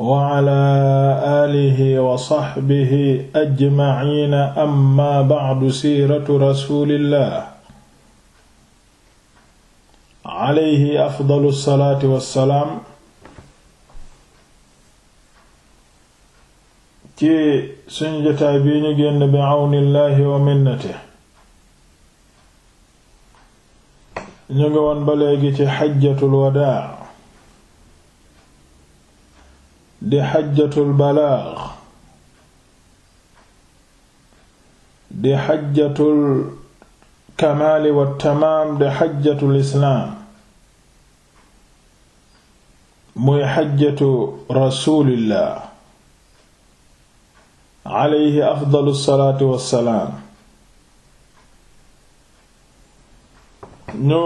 wa ala alihi wa sahbihi ajmaciina amma bacdu siiratu rasulillah alayhi afdalu salaati wa salaam ci suñu jotaay bi ñu génn bi awnillahi wa minnatihi ñu ngi woon ba léegi ci xajjatul wadaa di xajjatul balaax di xajjatul kamaali wa tamaam di xajjatul islaam muy xajjatu rasulillah alayhi afdalu salaatu wassalaam ñu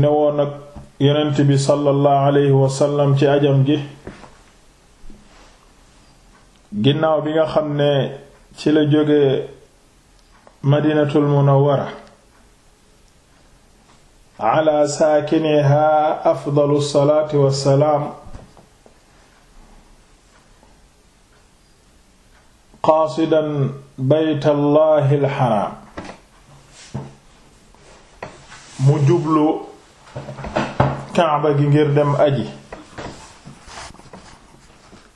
newoon ak yonent bi sallallahu alayhi ci ajam ji ginnaaw bi nga xam ne ci la jóge madinatul munawwara ala saakiniha afdalu salaati wassalaam qaasidan baytallahi alxaraam mu jublu kaaba gi ngir dem aji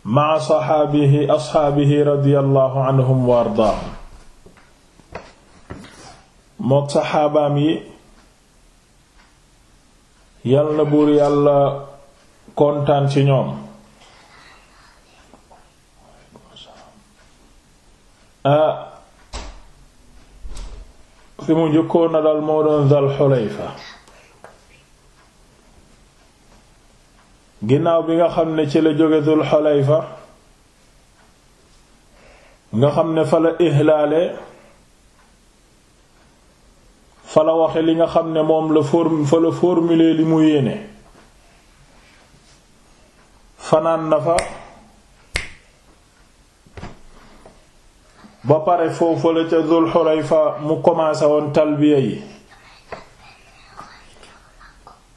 maa saxaabihi asxaabihi radiyallahu anhum wa ardaahum yi yal na buur yàlla kontaan ci ñoom a fi mu njëkkoon na dal moo doon Dul ginnaaw bi nga xam ne ci la jóge Dul fa nga xam ne fa la ihlaale fa la waxe li nga xam ne moom la form fa la formuler li mu yéene fanaan na fa ba pare foofu la ca Dul fa mu commencé woon talbiya yi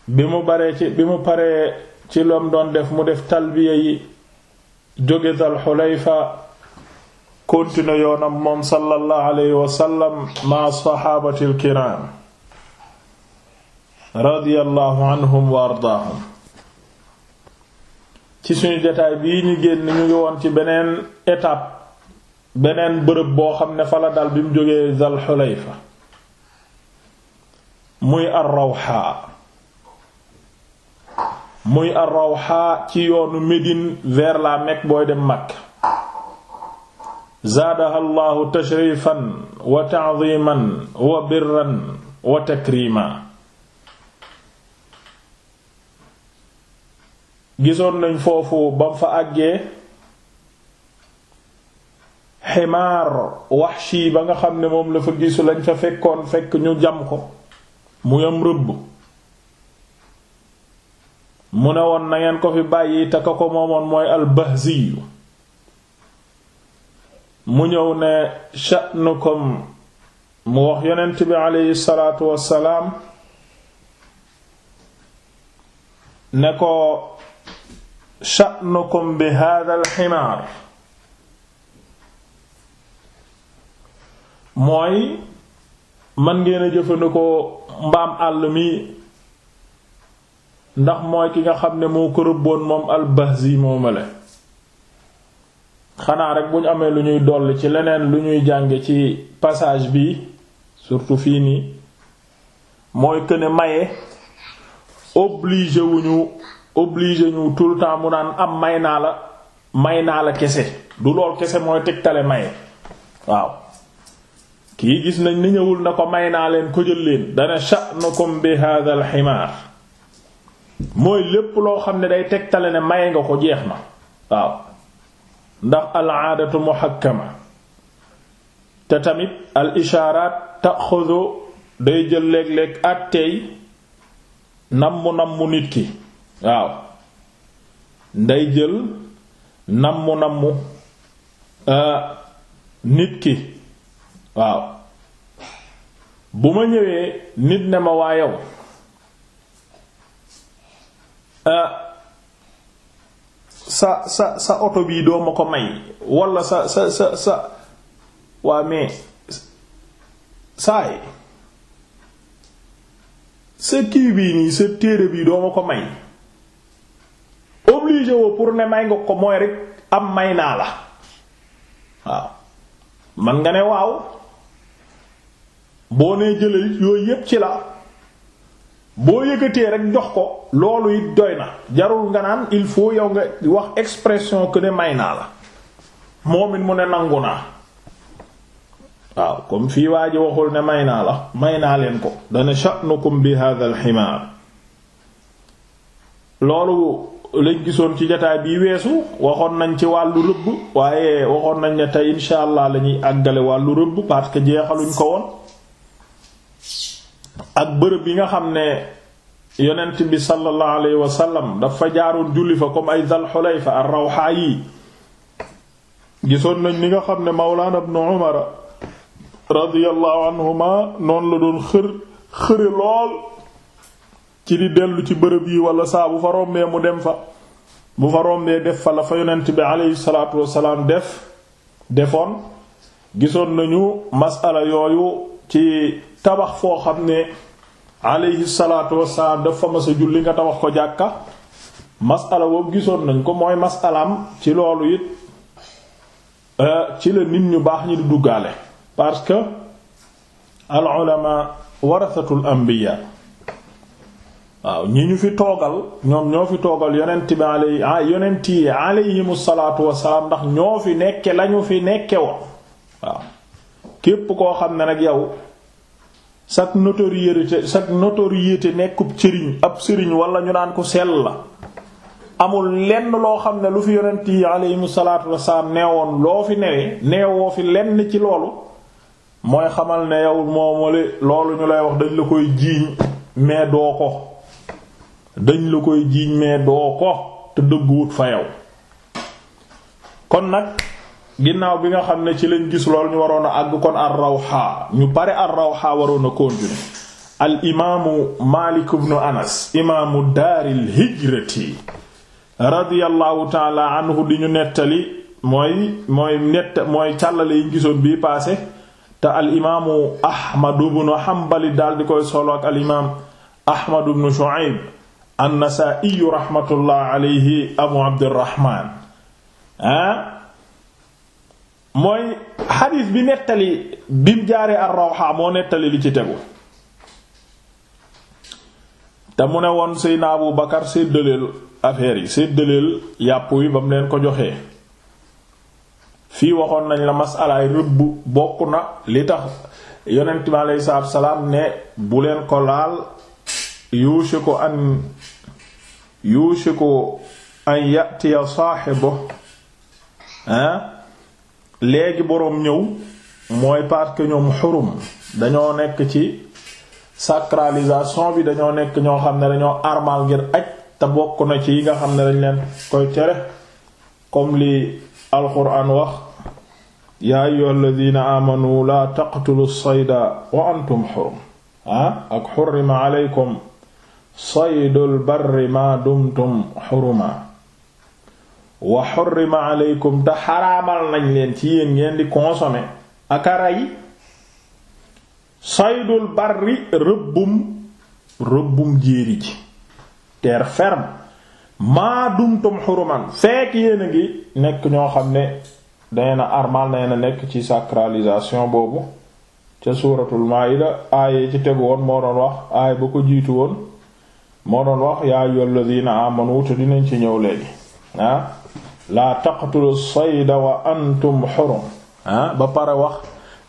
bi mu baree ci bi mu paree ci loom doon def mu def talbiya yi jóge dal xulayfa continué yoonam moom sallallahu wa wasallam ma saxaabati alkiraam radiyallahu anhum wa ardaahum ci suñu jotaay bii ñu génn ñu ngi woon ci beneen étape beneen bërëb boo xam ne fa la dal bi mu jógee dal xulayfa muy ar muy ar ci yoonu Médine ver la nekk booy dem Makka zaadaha llahu tashrifan wa ta'ziman wa birran wa takrima gisoon nañ foofu bam fa àggee ximaar Wahshi ba nga xam ne moom la fa gisu lañ fa fekkoon fekk ñu jam ko muy am rëbb mu ne woon na ko fi bàyyi te ka ko moomoon mooy albahziyu mu ñëw ne sha'nukum mu wax yonent bi aleyhi salaatu wassalaam ne ko sha'nukum bi haadal ximaar mooy man ngeen a jëfandikoo mbaam àll mii ndax mooy ki nga xam ne moo ko rëbboon moom al-Bahzi moomale xanaa rek bu amee lu ñuy dolli ci leneen lu ñuy jànge ci passage bi surtout fii nii mooy këne maye obligé wu ñu obligé ñu tout le temps mu naan am may naa la may naa la kese du lool kese mooy tegtale maye waaw kii gis nañ ni ñëwul na ko may naa leen ko jël leen dana sha'nukum bi hadha al mooy lépp loo xam ne day tegtale ne maye nga ko jeex na waaw ndax al aadatu muhakkama te tamit al ishaaraat taxudu day jël léeg-léeg àtteey nammu nammu nit ki waaw day jël nammu nammu euh, nit ki waaw bu ma ñëwee nit ne ma waa yow Ah, sa sa sa oto bii doo ma ko may walla sa sa sa sa waa mais saay sa kii bii nii sa téere bii doo ma ko may obligé woo pour ne may nga ko mooy rek am may naa la waaw man nga ne waaw boo nee jëlal yooyu yépp ci la boo yëkkatee rek jox ko loolu it doy na jarul nga naan il faut yow nga wax expression que ne may naa la moom it mu ne nangu naa waaw comme fii waa waxul ne may naa la may naa leen ko dana sha'nukum bi hadha al ximaar loolu lañ gisoon ci jataay bii weesu waxoon nañ ci wàllu rëbb waaye waxoon nañ ne tey insha allah la ñuy àggale wàllu rëbb parce que jeexaluñ ko woon ak bërëb yi nga xam ne yonent bi sallallahu alayhi wa sallam dafa jaaroon julli fa comme ay Dal Xulayfa ar-Rawxaa yi gisoon nañ ni nga xam ne Mawlaana ibnu Umar radiyallahu anhuma noonu la doon xër xëre lool ci di dellu ci bërëb yi wala saa bu fa rombee mu dem fa bu fa rombee def fa la fa yonent bi alayhi salaatu wasalaam def defoon gisoon nañu masala yooyu ci tabax foo xam ne alayhi salaatu wassalaam dafa mas a julli nga te wax ko jàkka masala boobu gisoon nañ ko mooy masalaam ci loolu it euh, ci la nit ñu baax ñi di duggaale parce que al ulama warasatul anbiya waaw ñi ñu fi toogal ñoom ñoo fi toogal yonent bi alay ah, yonent yi alayhimu salaatu wassalaam ndax ñoo fi nekke lañu fi nekke woon waaw képp koo xam ne nag yow sak notoriété sak notoriété nekkub sëriñ ab sëriñ walla ñu naan ku sell la amul lenn loo xam ne lu fi yonent yi aleyhimu salaatu wasalaam neewoon loo fi newee neewoo fi lenn ci loolu mooy xamal ne yow moomale loolu ñu lay wax dañ la koy jiiñ mais doo ko dañ lu koy jiiñ mais doo ko te dëgguwut fa yow kon nag ginnaaw bi nga xam ne ci lañ gis loolu ñu waroon a àgg kon ar-Rawha ñu pare ar-Rawha waroon a continuer al imaamu Maalik ibn Anas imaamu daaril hijrati radiyallahu taala anhu di ñu nettali mooy mooy nett mooy càllale yi gisoon bii paase te al imaamu Ahmad ibn Hanbal daal di koy solo al imaam Ahmad ibn Shu'ayb an-Nasaa'i rahmatullah alayhi Abu Abdurrahmaan ah mooy xadiis bi nettali bim jaaree ar-Rawha moo nettali li ci tegu te mu ne woon Seydina Abu Bakar séddaleel affaire yi séddaleel yàpp wi ba mu leen ko joxee fii waxoon nañ la masalaay rëbb bokk na li tax yonent bi aleyhi salaatu salaam ne bu leen ko laal yuushiku an yuushiku an yatiya saahibuhu ah léegi boroom ñëw mooy parce que ñoom xurum dañoo nekk ci sacralisation bi dañoo nekk ñoo xam ne dañoo armal ngir aj te bokk na ci yi nga xam ne dañ leen koy tere comme li alquran wax yaa ayyuha alladina amanu la taqtulu sayda wa antum xurum ah ak xurima aleykum saydul barri ma dumtum xuruma wa xurrima aleykum te xaraamal nañ leen ci yéen ngeen di consommer akara yi saydul barri rëbbum rëbbum jéeri ji terre ferme maa dumtum xuruman fekk yéen a ngi nekk ñoo xam ne dangeen a armal na na nekk ci sacralisation boobu ca suuratul maayida aaye ci tegu woon moo doon wax aaye ba ko jiitu woon moo doon wax yaa ayyuhalladiina amanu wutu dinañ ci ñëw léegi ah laa taqtulu sayda wa antum xurum ah, ba pare wax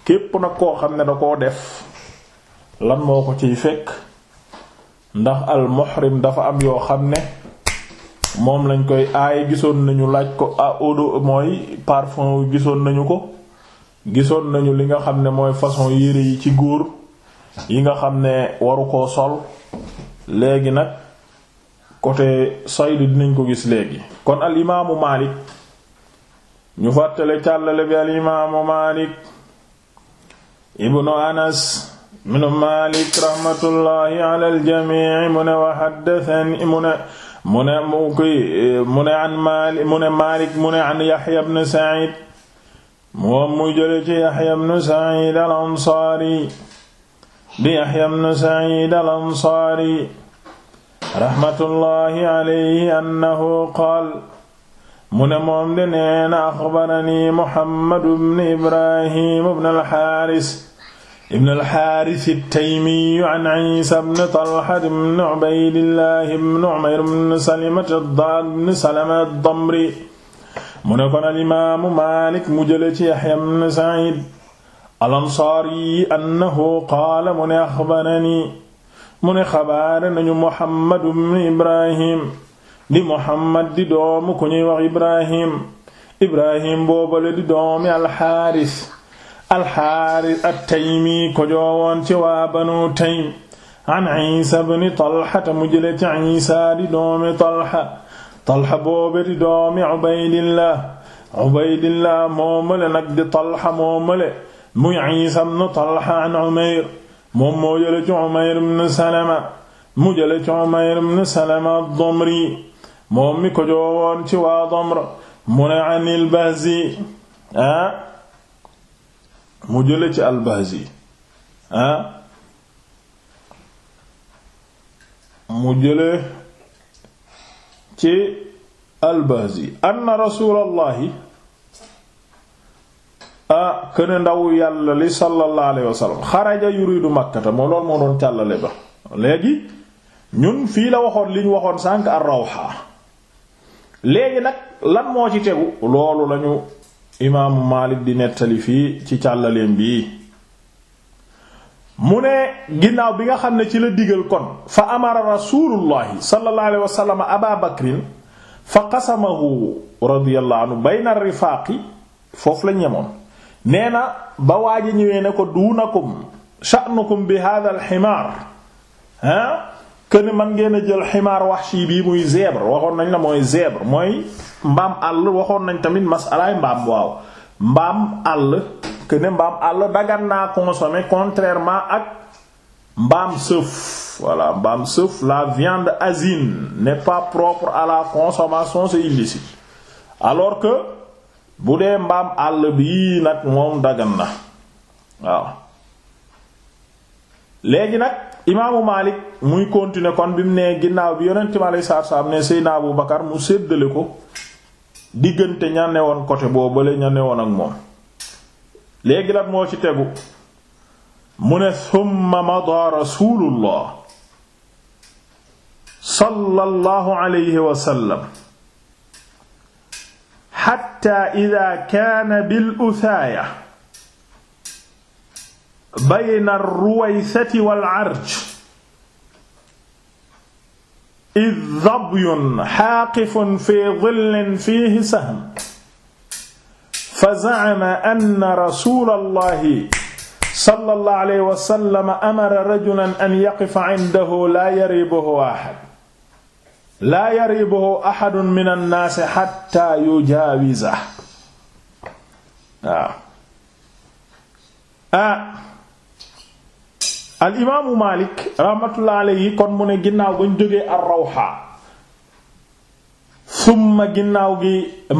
képp nag koo xam ne da koo def lan moo ko ciy fekk ndax al muhrim dafa am yoo xam ne moom lañ koy aay gisoon nañu laaj ko a ah, mooy parfum gisoon nañu ko gisoon nañu li nga xam ne mooy façon yére yi ci góor yi nga xam ne waru koo sol léegi nag côté sayd dinañ ko gis léegi kon al imaamu Maalik ñu fàttale càllale bi al imaamu Maalik ibnu Anas ibnu Maalik raxmatullaahi ala aljamii mu ne wa xaddatani mu ne mu ne mu koy mu ne an Maalik mu ne Maalik mu ne an Yaxya ibnu Saciid moom mu jële ci Yaxya ibnu Saciid al Ansaari di Yaxya ibnu Saciid al Ansaari raxmatullahi alayhi annahu qaal mu ne moom de nee na axbarani muhammadu bn ibrahim bn alxaaris ibn alxaaris at-taymiyu an isa bn talha bn ubaydillah bn umayr bn salimat bn salama ad-damri mu ne kon alimaamu maalik mu jële ci yaxya bn said al-ansaari annahu qaala mu ne axbarani mu ne xabaare nañu Muhammad ibn Ibrahim di Muhammad di doomu ku ñuy wax Ibrahim Ibrahim boobale di doomi alxaaris alxaaris at-Taymi ko joowoon ci waa Banu Taym an Isa ibn Talha ta mu jële ci Isa di doomi Talha Talha boobe di doomi Ubaydillah Ubaydillah moomale nag di Talha moomale muy Isa ibn Talha an Umayr moom moo jële ci Umayr ibn Salama mu jële ci Umayr ibn Salama ad-Damri moom mi ko joowoon ci waa Damr mu ne an al-Bahzi ah mu jële ci al-Bahzi ah mu jële ci al-Bahzi anna Rasulullahi ah këne ndaw yàlla li sallallahu alayhi wasallam xaraja yuridu makkata moo loolu moo doon càllale ba léegi ñun fii la waxoon liñ waxoon sànk ar rawxa léegi nag lan moo ci tegu loolu lañu imaamu Maalik di nettali fii ci càllaleem bii mu ne ginnaaw bi nga xam ne ci la digal kon fa amara rasulullahi sallallahu alayhi wasallam aba bakrin fa qasamahu radiyallahu anhu rifaaqi foofu lañ ñemoon nee na ba waaj a ñëwee ne ko duunakum sha'nukum bi hadha al ximaar ah këni man ngeen a jël ximaar wahshi bii muy zèbre waxoon nañ la mooy zèbre mooy mbaam àll waxoon nañ tamit masalaay mbaam waaw mbaam àll këni mbaam àll dagan naa consommer contrairement ak mbaam sëf voilà mbaam sëf la viande asine n'est pas propre à la consommation c'est illicite alors que bu dee mbaam àll bii nag moom dagan na waaw léegi nag imaamu Maalik muy continuer kon bi mu nee ginnaaw bi yeneen mi alayhi salaatu salaam ne Seydina Abu Bakar mu séddale ko diggante ña woon côté boobale ña ne woon ak moom léegi nag moo ci tegu mu ne summa mada rasulullah sallallahu alayhi wa sallam xatta ida kaana bil uthaaya bayna ar-ruwaysati wal arj id dabyun xaaqifun fi dhillin fiihi sahm fa za'ama anna rasuulallahi sallallahu alayhi wa sallam amara rajulan an yaqifa indahu laa yariibuhu ahad laa yaribuhu ahadun min annaasi xatta yujaawiza waaw ah al imaamu Maalik rahmatullah alayhi kon mu ne ginnaaw bañ jógee ar-Rawha summa ginnaaw gi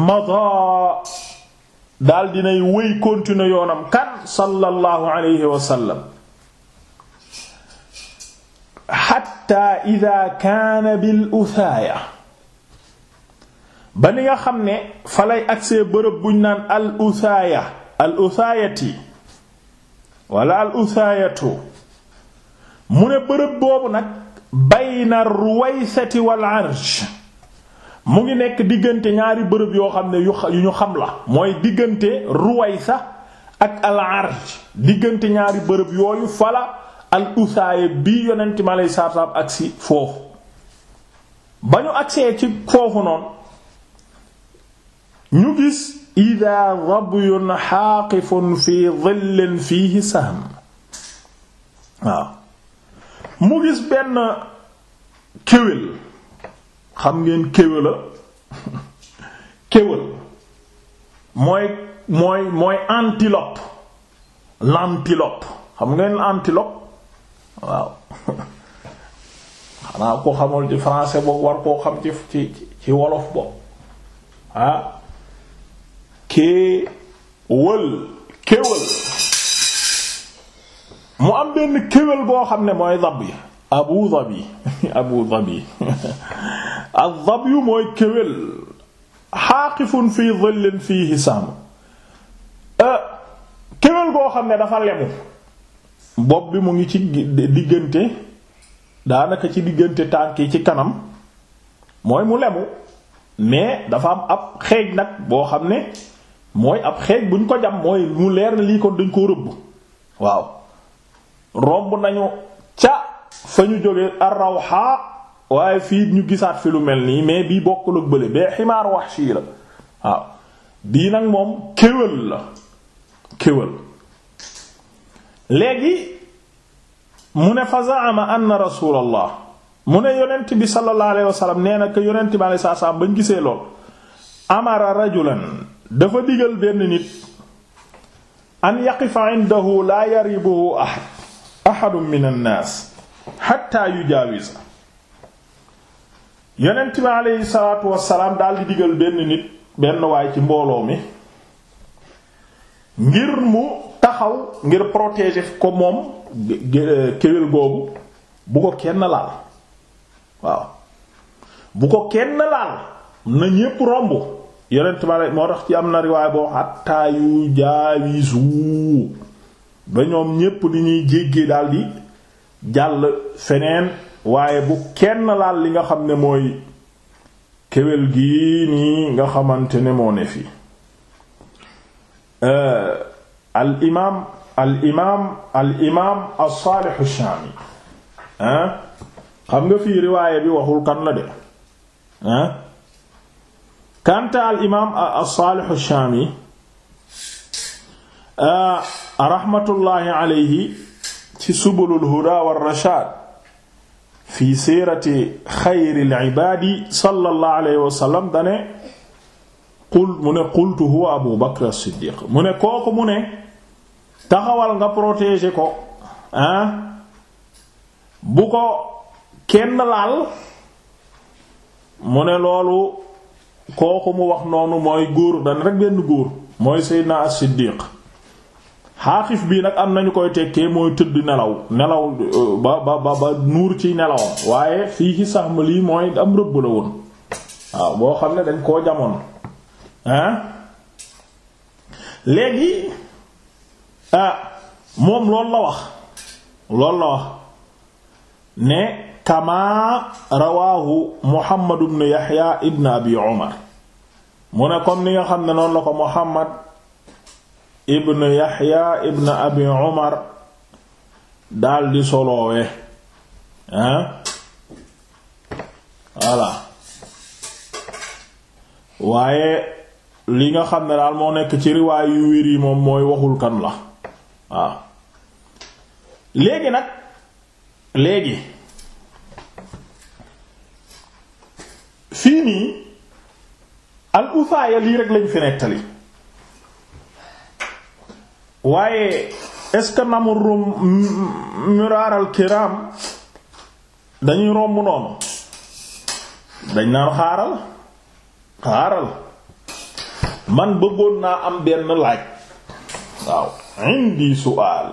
mada daal dinay wéy continuer yoonam kan sallallahu alayhi wa sallam xatta ida kaana bil uthaaya ba ni nga xam ne falay agsee bërëb buñ naan al uthaaya al uthaayati wala al uthaayatu mu ne bërëb boobu nag bayna ruwaysati wal arj mu ngi nekk diggante ñaari bërëb yoo xam ne yu ñu xam la mooy diggante ruwaysa ak al arj diggante ñaari bërëb yooyu fala al usaaye bi yonent malay lay saab agsi foofu ba ñu agsee ci foofu noonu ñu gis ida rabyun xaaqifun fi dhillin fiihi sahm waaw mu gis benn kéwél xam ngeen kéwéla kéwél mooy mooy mooy antilope l'antilope xam ngeen antilope waaw xanaa ko xamul ci français boog war koo xam ci ci ci wolof boog ah. boo xam ne mooy dab yi abu dab yi abu dab yi ak mooy kéwël xaaqifun fii dhillin fii hisaam eh, kéwël boo xam ne dafa lemu bopp bi mu ngi ci diggante daanaka ci diggante tànk yi ci kanam mooy mu lemu mais dafa am ab xeej nag boo xam ne mooy ab xeej buñ ko jam mooy mu leer na lii ko dañ koo rëbb waaw romb nañu ca fa ñu jóge ar-rawha waaye fii ñu gisaat fi lu mel nii mais bii bokkul ak bële bee ximaar wahshi la waaw bii nag moom kéwél la kéwél léegi mu ne fa zaama anna rasulallah mu ne yonent bi sallallahu alayhi wa sallam nee gisee lool amara rajulan dafa digal benn nit an yaqifa indahu laa yaribuhu ahad ahadun min annaas hatta yujaawisa yonent bi alayhi salaatu wasalaam daal di digal benn nit benn waay ci mbooloo mi ngir mu taxaw ngir protéger ko moom kéwél googu bu ko kenn laal waaw bu ko kenn laal na ñépp romb yonent ma moo tax ci am na riwaay boo xattaa jaawisu ba ñoom ñépp li ñuy jéggee daldi jàll feneen waaye bu kenn laal li nga xam ne mooy kéwél gi nii nga xamante ne moo ne fii euh, al imaam al imaam al imaam as-Saalih ash-Shaami ah xam nga fii riwaayé bi waxul kan la de ah kanta al imaam as-Saalih ash-Shaami ah, rahmatullahi alayhi ci subulul hudaa war-rashaad fi siirati xayril ibaadi sallallahu alayhi wa sallam dane qul mu ne qultu huwa Abu Bakr as-Siddiq mu ne kooku mu ne taxawal nga protéger ko ah bu ko kenn laal mu ne loolu kooku mu wax noonu mooy góor dan rek benn góor mooy Seydina as-Siddiq xaaxif bii nag am nañu koy tekkee mooy tëdd nelaw nelaw euh, ba ba ba nuur ci nelawam waaye fii ci sax lii mooy am rëbb la woon waaw boo xam ne dañ koo jamono ah léegi Ah, moom loolu la wax loolu la wax ne kama rawaahu muhammad ibn yahya ibn abi umar mu ne comme ni nga xam ne noonu la ko muhammad ibn yahya ibn abi umar daldi soloowe ah waaye li nga xam ne daal moo nekk ci riwaay yu wér yi moom mooy waxul kan la waaw léegi nag léegi fii nii al lii rek lañ fi nettali waaye est-ce que namurum raaral kiram dañuy romb noonu dañ naan xaaral xaaral man bëggoon naa am benn laaj waaw indi su'aal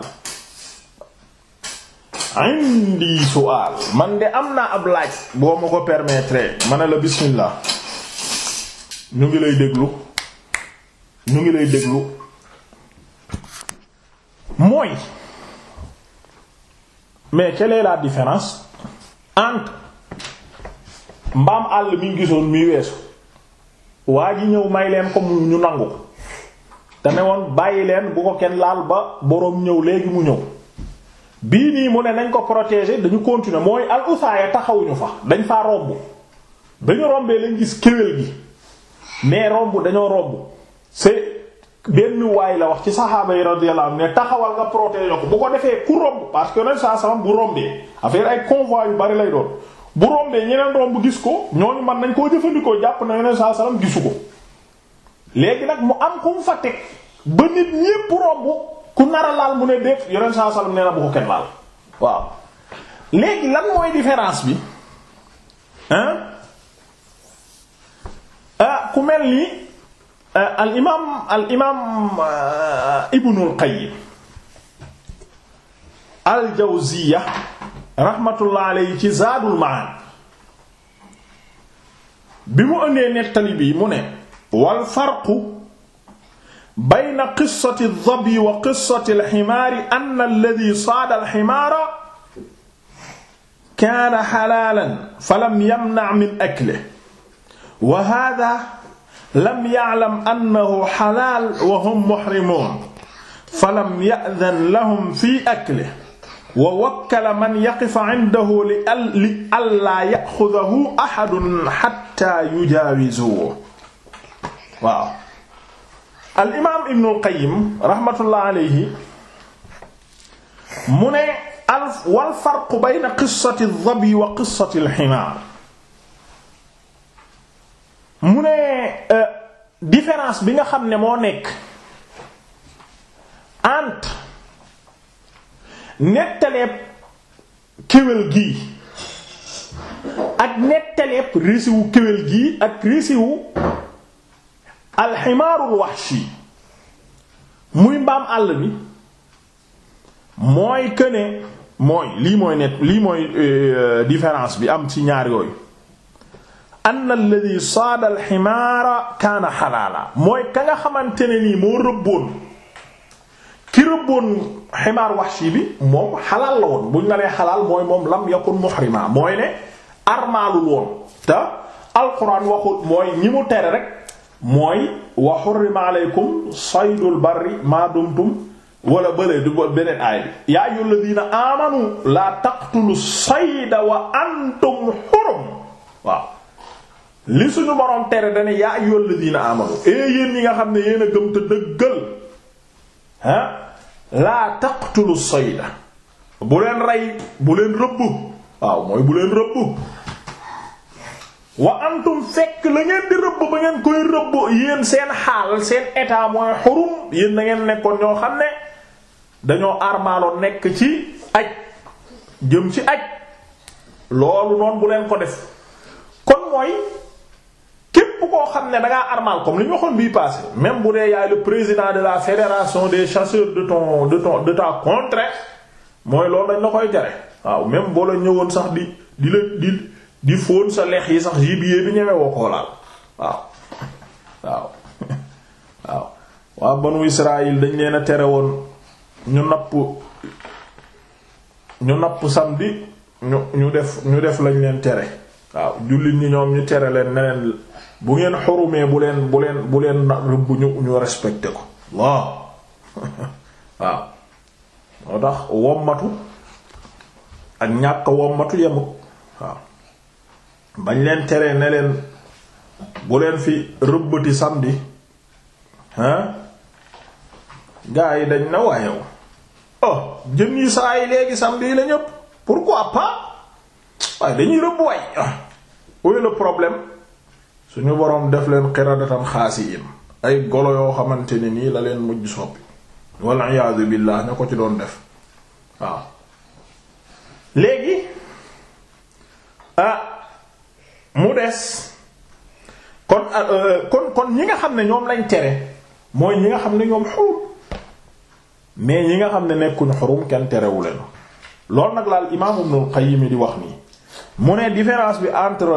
indi su'aal man de am naa ab laaj boo ma ko permettre ma ne la bismillah ñu ngi lay déglu ñu ngi lay déglu mooy mais quelle est différence entre mbaam àll mi ngi gisoon muy weesu waa ji ñëw may leen ko mu ñu nangu te ne woon bàyyi leen bu ko kenn laal ba boroom ñëw léegi mu ñëw bii nii mu ne nañ ko protéger dañu continuer mooy al usaaya taxawuñu fa dañ faa romb ba ñu rombee lañ gis kéwél gi mais romb dañoo romb c'est benn waay la wax ci saxaaba yi radiyallahu anhu ne taxawal nga protéger ko bu ko defee ku romb parce que ren saa sama bu rombee affaire ay convois yu bari lay doon bu rombee ñeneen romb gis ko ñooñu man nañ koo jëfandikoo jàpp na yeneen saa salaam gisu ko. léegi nag mu am ku mu fa teg ba nit ñépp romb ku nar a laal mu ne déet yonent saa sallam nee na bu ko kenn laal waaw léegi lan mooy différence bi hein ah, ku mel nii ah, al imaam al imaam ah, Ibnul Qayyim al Jawziyya rahmatullah alayhi ci Zaadul Ma'aad bi mu ëndee nettali bi mu ne. wal farqu bayna qissati ad-dabi wa qissati al-himaari anna alladhi saada al-himaara kaana halaalan falam yamna' min aklihi wa haadha lam ya'lam annahu halaal wa hum muhrimuun falam ya'dhan lahum fii aklihi wa wakkala man yaqifa indahu li allaa ya'khudhahu ahadun hattaa yujaawizuhu waaw al imaam ibnul qayyim raxmatullah alayhi mu ne al wal farqu bayna qissati ad-dabi wa qissati al-himaar mu ne euh, différence bi nga xam ne moo nekk entre nettaleeb kéwél gii ak nettaleeb résiwu kéwél gii ak résiwu alximaarul waxshi muy mbaam àll bi mooy këne mooy lii mooy net lii mooy euh, différence bi am ci ñaar yooyu an alladi saada alximaara kaana xalaala mooy ka nga xamante ne nii moo rëbboon ki rëbboon ximaar waxshi bi moom xalaal la woon buñ la nee xalaal mooy moom lam mu muhrima mooy ne armaalul woon te alquran waxul mooy ñi mu tere rek mooy wa hurrima aleykum saydul barri maa dumtum wala bële du beneen aay bi yaa ayyuhal ladina amanu laa taqtulu sayda wa antum xurum waaw li suñu borom tere dane yaa ayyuhal ladina amanu e yéen ñi nga xam ne yéen a gëm te dëggal ah laa taqtulu sayda bu leen rey bu leen rëbb waaw mooy bu leen rëbb wa antum fekk la ngeen di rëbb ba ngeen koy rëbb yéen seen xaal seen état mooy xurum yéen da ngeen nekkoon ñoo xam ne dañoo armaaloon nekk ci aj jëm ci aj loolu noonu bu leen ko def kon mooy képp koo xam ne da ngaa armaal comme li ñu waxoon bii passé même bu dee yaay le président de la fédération des chasseurs de ton de ton de ta contrée mooy loolu dañ la koy tere waaw même boo la ñëwoon sax di di la di. di fóon sa lex yi sax gibier bi ñeme woo koo laal waaw waaw waaw waa banu Israël dañ leen a tere woon ñu napp ñu napp samedi ñu ñu def ñu def lañ leen tere waaw jullit ñi ñoom ñu tere leen ne leen bu ngeen xorumee bu leen bu leen bu leen rëbb ñu ñu respecté ko waaw waaw moo tax wommatu ak ñàkk wommatu yemut waaw bañ leen teree ne leen bu leen fi rëbbati samedi hein gaa yi dañ na waayow oh jën yi saa yi léegi samedi yi la ñëpp pourquoi pas waaye dañuy rëbb waay oy le problème suñu boroom def leen xiradatan xaasiin ay golo yoo xamante ne nii la leen mujj soppi walla iyaazu billaah ña ko ci doon def waaw léegi ah, mu des kon euh, kon kon ñi nga xam ne ñoom lañ tere mooy ñi nga xam ne ñoom xurum mais ñi nga xam ne nekkuñ xurum kenn terewule na loolu nag laal imaam Ibnul Qayyim di wax nii mu ne différence bi entre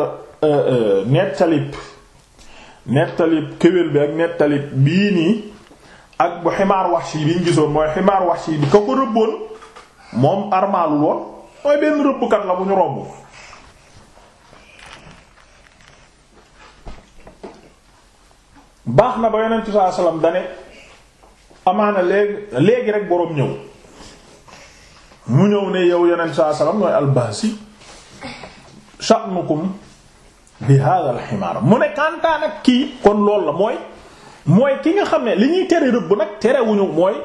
euh, euh, nettalib nettalib kéwél bi ak nettalib bii nii ak bu ximaar wahshi bi ñu gisoon mooy ximaar wahshi bi ka ko rëbboon moom armaalu woon mooy benn rëbbkat la bu ñu romb baax na ba yonent saa salaam dane amaana léegi léegi rek boroom ñëw mu ñëw ne yow yonent saa salaam mooy albasi sha'nukum bi hadha al mu ne kantaan ak kii kon loolu la mooy mooy ki nga xam ne li ñuy tere rëbb nag terewuñu mooy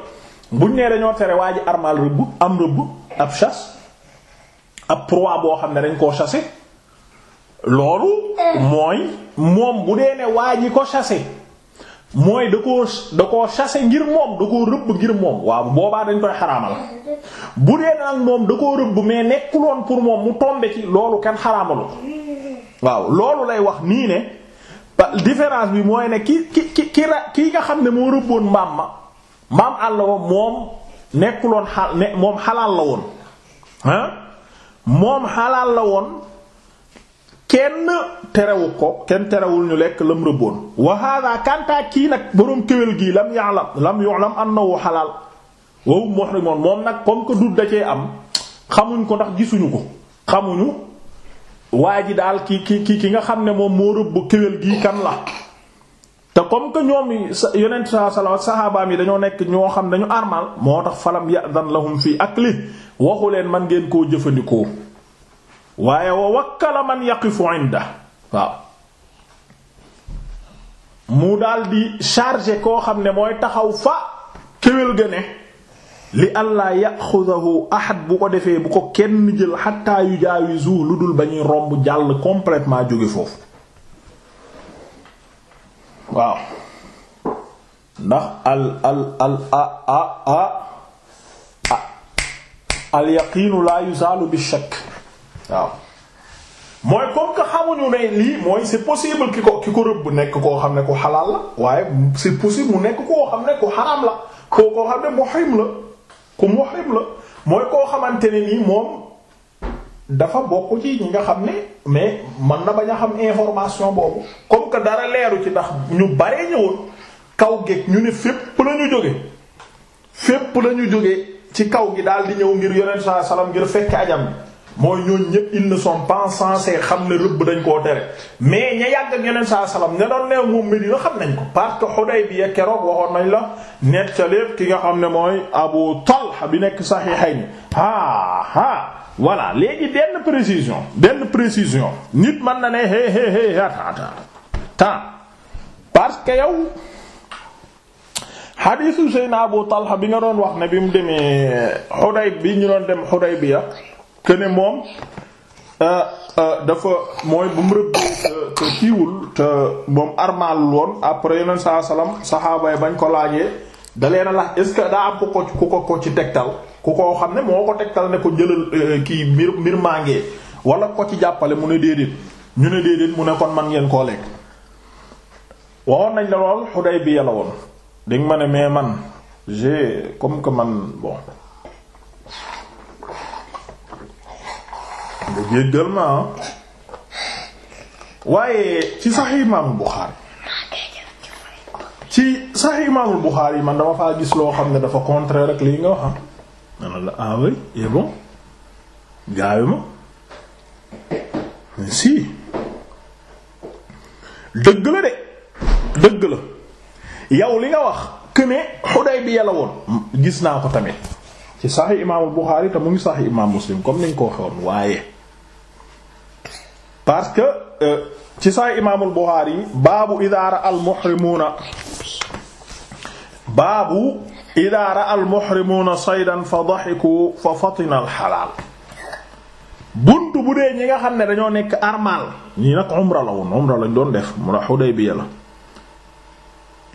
buñ nee dañoo tere waa ji armal rëbb am rëbb ab chasse ab proie boo xam ne dañ koo chasser loolu mooy moom bu dee ne waa yi ko chasser mooy da koo da koo chasser ngir moom da koo rëbb ngir moom waaw boobaa dañ koy xaraamal bu dee nag moom da koo rëbb mais nekkuloon pour moom mu tombe ci loolu kenn xaraamalu waaw loolu lay wax nii ne différence bi mooy ne ki ki ki ki kii nga xam ne moo rëbboon mbaam ma mbaam àll wa moom nekkuloon xal ne moom xalaal la woon ah moom xalaal la woon kenn terewu ko kenn terewul ñu lekk lam rëbboon wa hada kantaa kii nag boroom kéwél gii lam ya'lam lam yu'lam annahu xalaal wa hum muhrimoon moom nag comme que dut da cee am xamuñ ko ndax gisuñu ko xamuñu waa ji daal ki ki ki nga xam ne moom moo rëbb kéwél gii kan la te koom que ñoom yonent saa salaam ak saxaabaam yi dañoo nekk ñoo xam dañu armal moo tax falam ya'dan lahum fii akli waxu leen man ngeen koo jëfandikoo waaye wa wakkala man yaqifu inda waaw mu daldi chargé koo xam ne mooy taxaw fa kéwél ga ne li allah yaxudahu ahad bu ko defee bu ko kenn jël xatta yu jaawizu lu dul ba ñuy romb jàll complètement jóge foofu waaw ndax al al al a a a a al yaqiinu la bi shakk waaw mooy comme que xamuñu ne lii mooy c'est possible ki ko ki ko rëbb nekk koo xam ne ku xalaal la waaye c'est possible mu nekk koo xam ne ku xaraam la koo koo xam ne la ku muhrim la mooy koo xamante ne nii moom dafa bokk ci ñi nga xam ne mais mën na bañ a xam information boobu comme que dara leeru ci ndax ñu baree ñëwoon kaw geeg ñu ne fépp la ñu jóge fépp la ñu jóge ci kaw gi daal di ñëw ngir yeneen sallallahu alayhi wasallam ngir fekk ajam bi mooy ñooñ ñëpp ils ne sont pas censés xam ne rëbb dañ koo tere mais ña yàgg ak yeneen saa salaam ña doon neew moom Medina xam nañ ko parce que Hudaybiya keroog waxoon nañ la net ca lépp ki nga xam ne mooy Abu Talha bi nekk Sahihayni ah ah voilà léegi benn précision benn précision nit mën na ne hey hey hey attends attends parce que yow hadiisu Seydina Abu Talha bi nga doon wax ne bi mu demee Hudayb bi ñu doon dem Hudaybiya que moom euh, euh, dafa mooy bu mu rëbbee euh, te kiiwul te moom armaalul woon après yeneen saa salaam saxaaba yi bañ ko laajee da leen a lax ce que daa am ku ko ku ko ko ci tegtal ku ko xam ne moo ko tegtal ne ko jëlal kii mbir mbir màngee wala ko ci jàppale mu ne déedéet ñu ne déedéet mu nekkoon man ngeen koo lekk. waxoon nañ la lool Hudaybiya la woon. di ma ne mais man j'ai comme que man bon. nga jéggal ma ah. waaye ci sax imaamul Buxaari ci sax imaamul Buxaari man dama faa gis loo xam ne dafa contraire rek lii nga wax ah. man la ah oui et ma si dëgg la de dëgg la yow li nga wax que ne bi yàlla woon. gis naa ko tamit ci sax imaamu Buxaari te mu ngi sax imaamu Muslim comme niñ ko waxee waaye. parce que euh, ci sax imaamul Buxaari yi baabu idaara al muhrimuuna baabu idaara al muhrimuuna saydan fa daxiku fa fatina al bunt bu dee ñi nga xam ne dañoo nekk armal ñii nag umra lañ doon def mu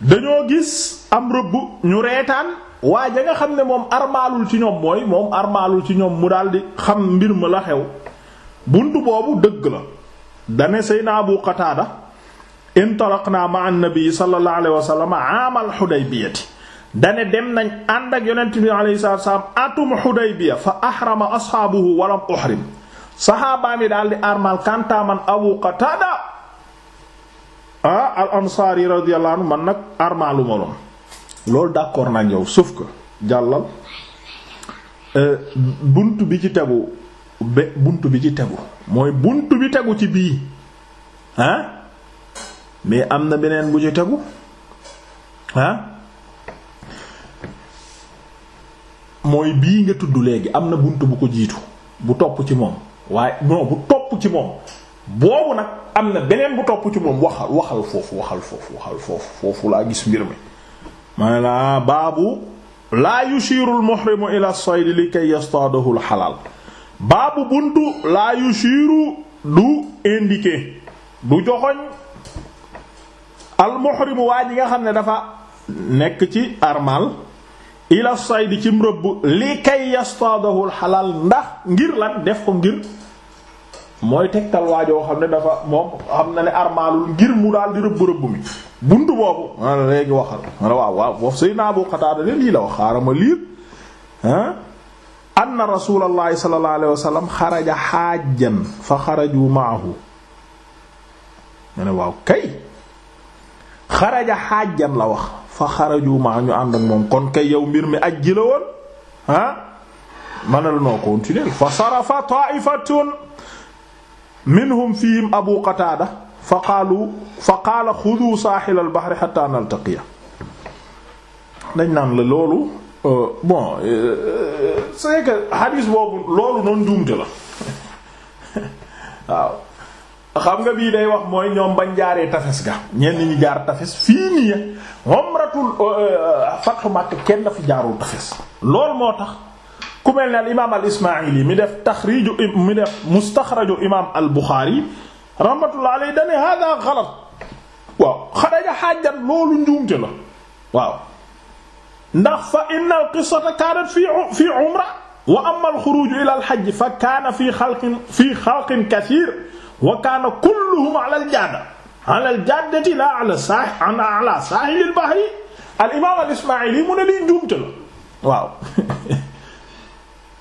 dañoo gis am rëbb ñu reetaan waaye ja nga xam ne moom armaalul ci ñoom mooy moom armaalul ci ñoom mu di xam mbir ma la xew bunt boobu dëgg la dane Seydina Abu Qataada intalaqnaa ma'a an-nabi sallallahu alayhi wa sallam dane dem nañ ànd ak yonent bi alayhi salaatu wa fa ahrama ashaabuhu wa lam uhrim daal di armal kantaaman Abu Qataada al ah, ansaari radiyallahu man nag armalu ma loon loolu d'accord yow sauf que jàllal euh, bunt bi ci tegu bunt bi ci tegu mooy bunt bi tegu ci bii ah mais am na beneen bu ci tegu ah mooy bii nga tudd léegi am na bunt bu ko jiitu bu topp ci moom waaye non bu topp ci moom boobu nag am na beneen bu topp ci moom waxal waxal foofu waxal foofu waxal foofu foofu laa gis mbir mi ma la baabu laa yushiru al muhrimu ila as-sayd likay yastaadahu al baabu bunt laa yushiru du indiqué du joxoñ almuhrimu waa ji nga xam ne dafa nekk ci armal ila sayd ci mrëbb li kay yastaadahu alxalaal ndax ngir la def ko ngir mooy tegtal waajoo xam ne dafa moom xam na ne armaalul ngir mu daal di rëbb rëbb mi buntu boobu ma léegi waxal ma ne waaw waaw foofu Seydina Abu Qataada de lii la wax xaaral ma liir anna rasulallahi sallallahu alayhi wa sallam xaraja xaajan fa xaraju maahu ñu waaw kay xaraja xaajan la wax fa xaraju maahu ñu ànd moom kon kay yow mbir mi ajji la woon ah mën la noo continuer fa sarafa ta'ifatun minhum fihim abu qataada fa qaalu fa qaala xudu saaxilal baxri xataa naltaqiya dañ naan la loolu Euh, bon euh, c'est que hadis boobu loolu noonu njuumte la waaw xam nga bii day wax mooy ñoom ba jaaree tafes ga ñenn ñi jaar tafes fii nii umratul euh, fathu Makka kenn fi jaarul tafes loolu moo tax ku mel ne al imaam al Ismaa'ili mi def taxriiju mi def mustaxraju imaam al Buxaari rahmatullahi alayhi dane hada waaw xadaja xaajat loolu njuumte la waaw ndax fa inna al qissata kaanat fi fi umra wa amma al xuruj ila al hajj fa kaana fi xalqin fi xalqin kathir wa kaana kulluhum ala al jadda ala al jaddati la ala sahil ala sahil al bahri al imam al ismaili mu ne liy njuumte la waaw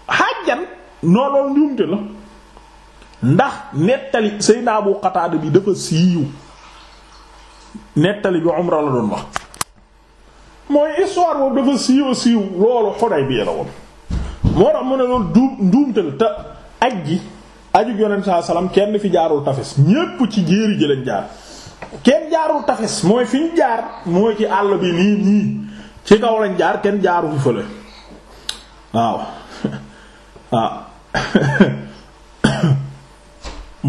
xajjan noolool njuumte la ndax nettali Seydina Abu Qatada bi dafa siiw nettali bi umra la doon wax mooy histoire boobu dafa siiw a siiw loolu Xudaybiya la woon moo tax mu ne loolu nduumtal te aj ji ajug yonent saa salaam kenn fi jaarul tafes ñépp ci jéeri ji lañ jaar kenn jaarul tafes mooy fi ñu jaar mooy ci àll bi nii nii ci kaw lañ jaar kenn jaarul fi fële waaw waaw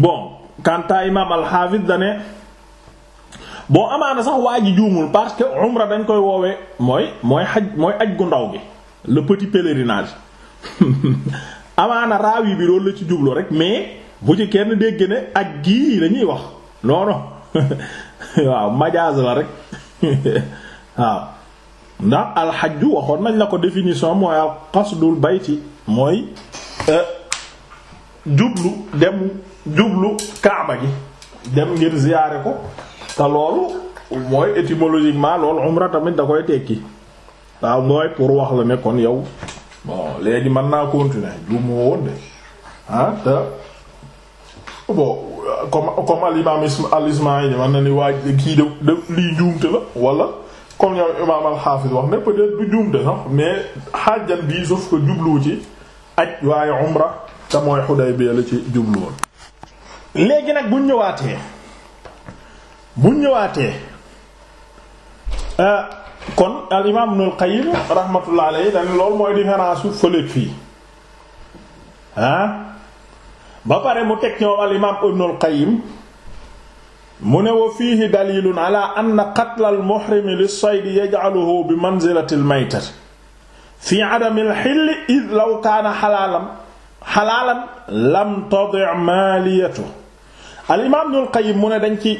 bon kanta imaam al-Hafiz bon amaana sax waa ji juumul parce que umra dañ koy woowee mooy mooy xaj mooy aj gu ndaw gi le petit pèlerinage amaana raawi bi loolu la ci jublu rek mais bu ci kenn dégg ne aj gii lañuy wax non non waaw majaaz la rek waaw ndax alxajju waxoon nañ la ko définition mooy ak bay bayti mooy euh, jublu dem jublu kaaba gi dem ngir ziyaare ko te loolu mooy étymologiquement loolu umra tamit da koy tekki waaw mooy pour wax la nekkoon kon yow bon léegi mën naa continuer lu mu woon de ah te bon comme comme al imam man na ni waaj kii de lii njuumte la wala comme yow imam al wax ne peut-être du njuumte sax mais xaajal bii sauf que jubluwu ci aj waaye umra te mooy Hudaybiya la ci jubluwoon léegi nag bu ñëwaatee bu ñëwaatee euh, kon al imaam Ibnul Qayyim rahmatullah alayhi dañ loolu mooy différence su fële fii ah ba pare mu teg ñoom al Qayyim mu ne wa fiihi dalilun ala anna qatla al muhrimi lis-saydi yaj'aluhu bi manzilati al-maytat fi adami al-hilli id law kaana xalaalan lam tadi' maaliyatuhu al imaam Ibnul mu ne dañ ci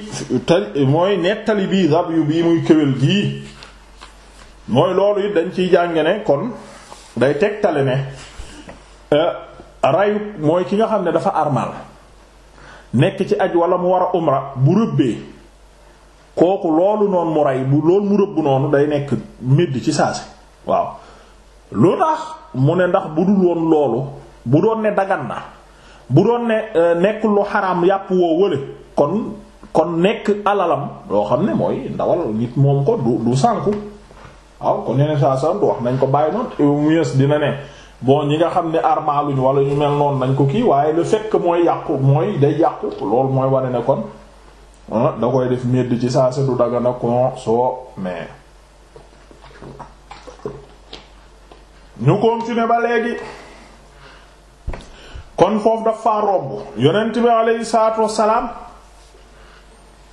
mooy nettali bii zab yu bii muy kéwél gii mooy loolu it dañ ciy jàng ne kon day tegtale ne euh, rayu mooy ki nga xam ne dafa armal nekk ci aj wala mu war umra bu rëbbee kooku loolu noonu mu rey bu mu rëbb noonu day nekk médd ci saasi waaw lu tax mu ne ndax bu dul woon loolu bu doon ne dagan na bu doon ne euh, nekkul lu xaraam yàpp woo wële kon kon nekk alalam loo xam ne mooy ndawal nit moom ko du du sànku waaw kon yeneen saa sant wax nañ ko bàyyi noonu mieux dina ne bon ñi nga xam ne armaaluñu wala ñu mel noonu nañ ko kii waaye lu fait mooy yàqu mooy day yàqu loolu mooy wane ne kon ah, da koy def medd ci saa sa du daga na kon soo mais ñu continuer ba léegi kon foofu dafa faa romb yonent bi aleyhi salaatu wassalaam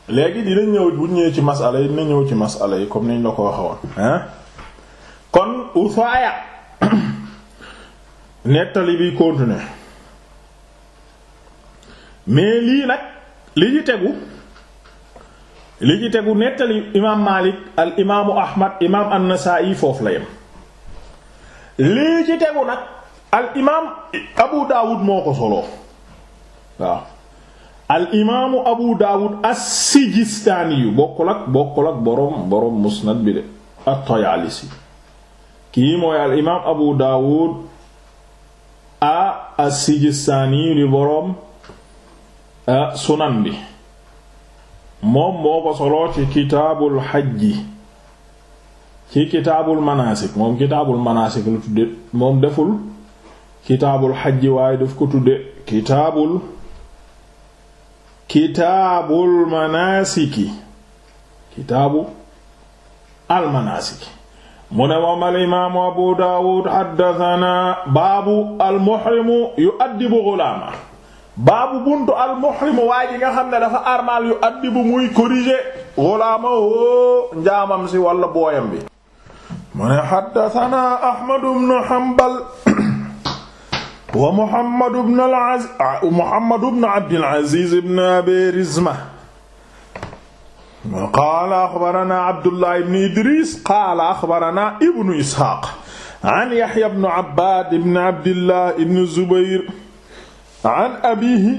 léegi dina ñëw bu ñëwee ci masala yi dina ñëw ci masala yi comme niñ la ko waxe woon hein kon Usaaya nettali bi continuer mais lii nag li ci tegu li ci tegu nettali imaam Maalik al imaamu Ahmad imaam An-Nasaa'i foofu la yem lii ci tegu nag al imaam Abu Dawud moo ko solo al imaamu Abu Dawud as-Sijistaani yu bokkul musnad bi de at-Tayaalisi kii mooy al imaam Abu Dawud a as di boroom sunan bi moom moo ko solo ci kitaabul xajji ci kitaabul manasik moom kitaabul manasik moom deful kitaabul xajji waaye daf ko tudde kitaabul kitaabul manaasiki kitaabu almanaasiki mu ne moom alimaamu abu daawud baabu almuhrimu yu addibu baabu buntu almuhrimu waa ji nga xam ne dafa armaal yu muy corriger gulaama woo njaamam si walla booyam bi mu ne xaddatanaa bnu hambal wa Muhammadu ibn al-Aziz ah, Muhammadu ibn Abdil Aziz ibn Abi Rizma qaala axbaranaa Abdullah ibn Idris qaala axbaranaa Ibn Isxaaq an Yaxya ibn Abbaad ibn Abdillah ibn Zubayr an abiihi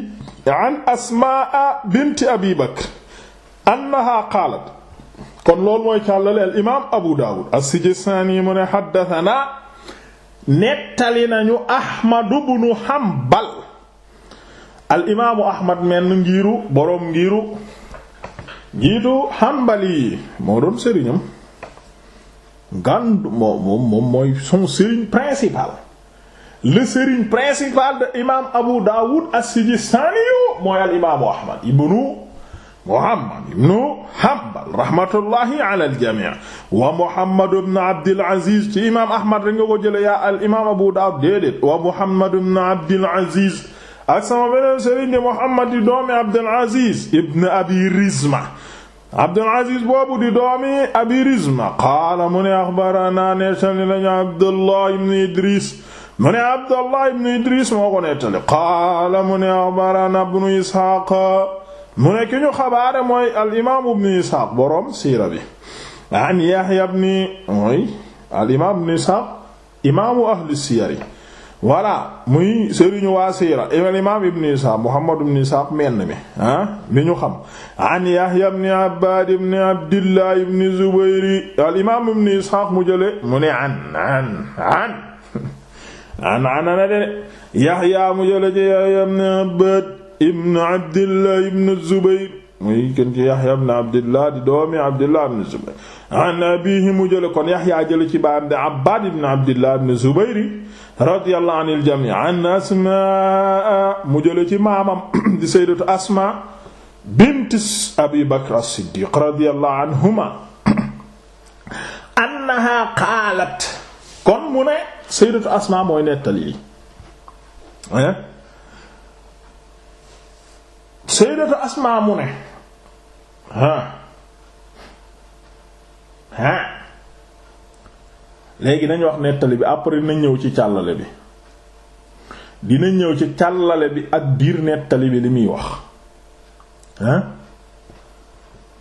an Asmaa bint Abi Bakr annahaa qaalat kon loolu mooy càllale al imaam Abu Daawud as-Sijistaani mu ne haddasanaa nettali nañu Ahmad ibn Hanbal al imaamu Ahmad menn ngiiru boroom ngiiru njiitu Hanbali moo doon sëriñam gàndu moom moom mooy son sëriñ principal le sëriñ principal de imaam Abu Dawud as-Sijistani mooy al imaamu Ahmad ibnu Muhammad ibnu Hanbal rahmatullahi ala al-jamii wa Muhammad ibnu Abdil Aziz ci imaam Ahmad rek nga ko jëlee yaa al imaam Abu Daawud déedéet wa Muhammad ibnu Abdil Aziz ak sama beneen sëriñ di Muhammad di doomi Abdil Aziz ibnu Abi Rizma Abdul Aziz boobu di doomi Abi Rizma qaala mu ne axbaranaa nettali lañu Abdullah ibn Idris mu ne Abdullah ibn Idris moo ko nettali qaala mu ne axbaranaa ibnu Isxaaq mu ne ki ñu xabaare mooy al imaam ibn boroom siira bi an Yahya ibn mooy al imaam ibn imaamu ahli siyari voilà muy sëriñu waa siira al imaam ibn Isxaaq Muhammad xam mu jële mu ne an an an ana de Yahya mu jële ci Yahya ibn Abbaad ibn abdillah ibn zubayr muy gën ci yaxya ibn abdillah di doomi abdillah ibn zubayr an abihi mu jële kon yaxya jële ci baam de abbad ibn abdillah ibn zubayr radiyallahu anil jami an asmaa mu jële ci maamam di sayyidatu asma bint abi bakr as-siddiq radiyallahu anhuma annaha qaalat kon mu ne sayyidatu asma mooy nettali eh? sayyidatu asmaa mu ne ha ha léegi nañu wax nettali bi après na ñëw ci càllale bi dina ñëw ci càllale bi ak biir nettali bi li muy wax ah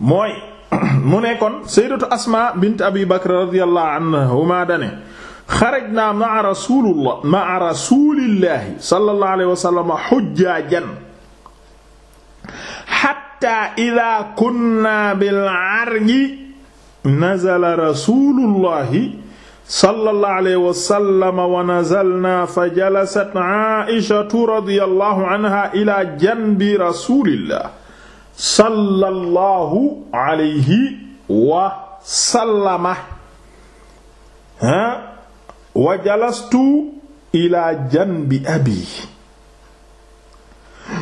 mooy mu ne kon sayyidatu asma bint abi bakr radiyallahu anhuma dane xarajna ma'a rasulillah ma'a rasulillahi sallallahu alayhi wa sallam hujjajan xatta ida kunna bil arji nazala rasulullahi sallallahu alayhi wa sallam wa nazalna fa jalasat aishatu radiyallahu anha ila janbi rasulillah sallallahu alayhi wa sallama ha wa jalastu ila janbi abi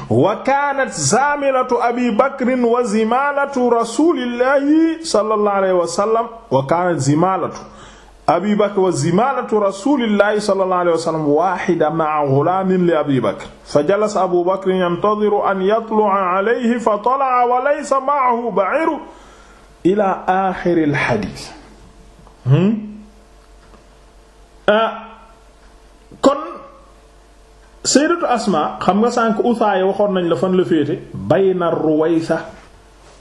wa kaanat zaamilatu abi bakrin wa zimaalatu rasulillahi sallallahu alayhi wa sallam wa kaanat zimaalatu abi bakr wa zimaalatu rasulillahi sallallahu alayhi wa sallam waahida ma'a ghulaamin li abi bakr fa jalasa abu bakrin yantadhiru an yatlu'a alayhi fa tala'a wa laysa ma'ahu ba'iru ila aaxiril hadiis hmm? ah, sayyidatu asma xam nga sànk usaaya waxoon nañu la fan la féete bayna ruwaysa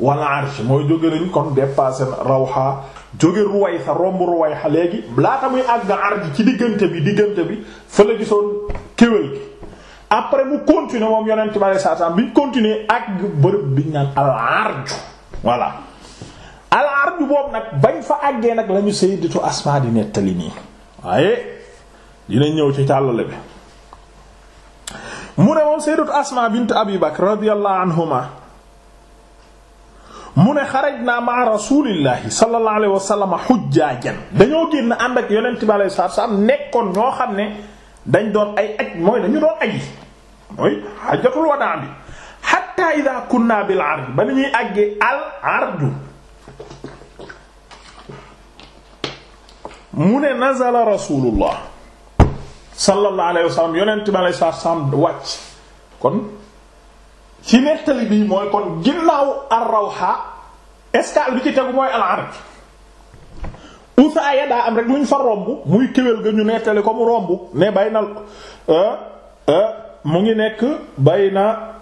wal arsh mooy jóge nañ kon dépassé rawxa jóge ruwaysa romb ruwayxa léegi laata muy àgg arsh ci diggante bi diggante bi fa la gisoon kéwél gi après mu continuer moom yonent bale saasaam biñ continuer àgg bërëb biñ naan al arsh voilà boobu nag bañ fa àggee nag lañu sayyidatu asma di nettali nii waaye dinañ ñëw ci càllale bi mu ne moom sayyidatu asma bint abi bakr anhuma mu ne xarajna ma rasulillahi sallallahu alayhi wa sallam xujjaajan dañoo génn ànd ak yonent bi alayhi salaam nekkoon ñoo xam ne dañ doon ay aj mooy dañu doon aji mooy xajatul wadaa bi hatta idha kunna bil arj ba ni ñuy àggee al arju mu ne nazala rasulullah sallallahu la wa sallam yonent ci nettali bii mooy kon ginnaaw ar-Rawha escale bi ci tegu mooy al am rek luñ fa kéwél ga ñu nettali ko mu romb ne bay na euh, euh, ngi nekk bay na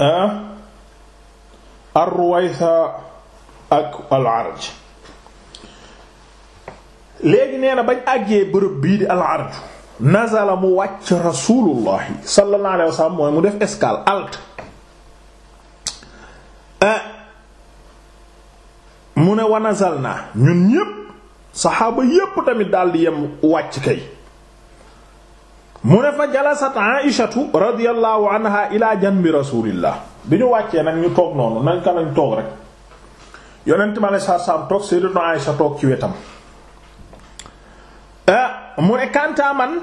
euh, ar ak al-Arj léegi nee na bañ àggee bërëb bii di al-Arj nazala mu wàcc rasulullahi sallallahu alayhi mooy mu def escale alt eh, mu ne wa nazal naa ñun ñépp saxaaba yépp tamit daal di yem wàcc kay mu ne fa jalasat aishatu radiyallahu anha ila janbi rasulillah bi ñu wàccee nag ñu toog noonu nañ ka nañ toog rek yonent ma ne saar saam toog sayyidatu toog ci wetam Ah, mu ne kantaa man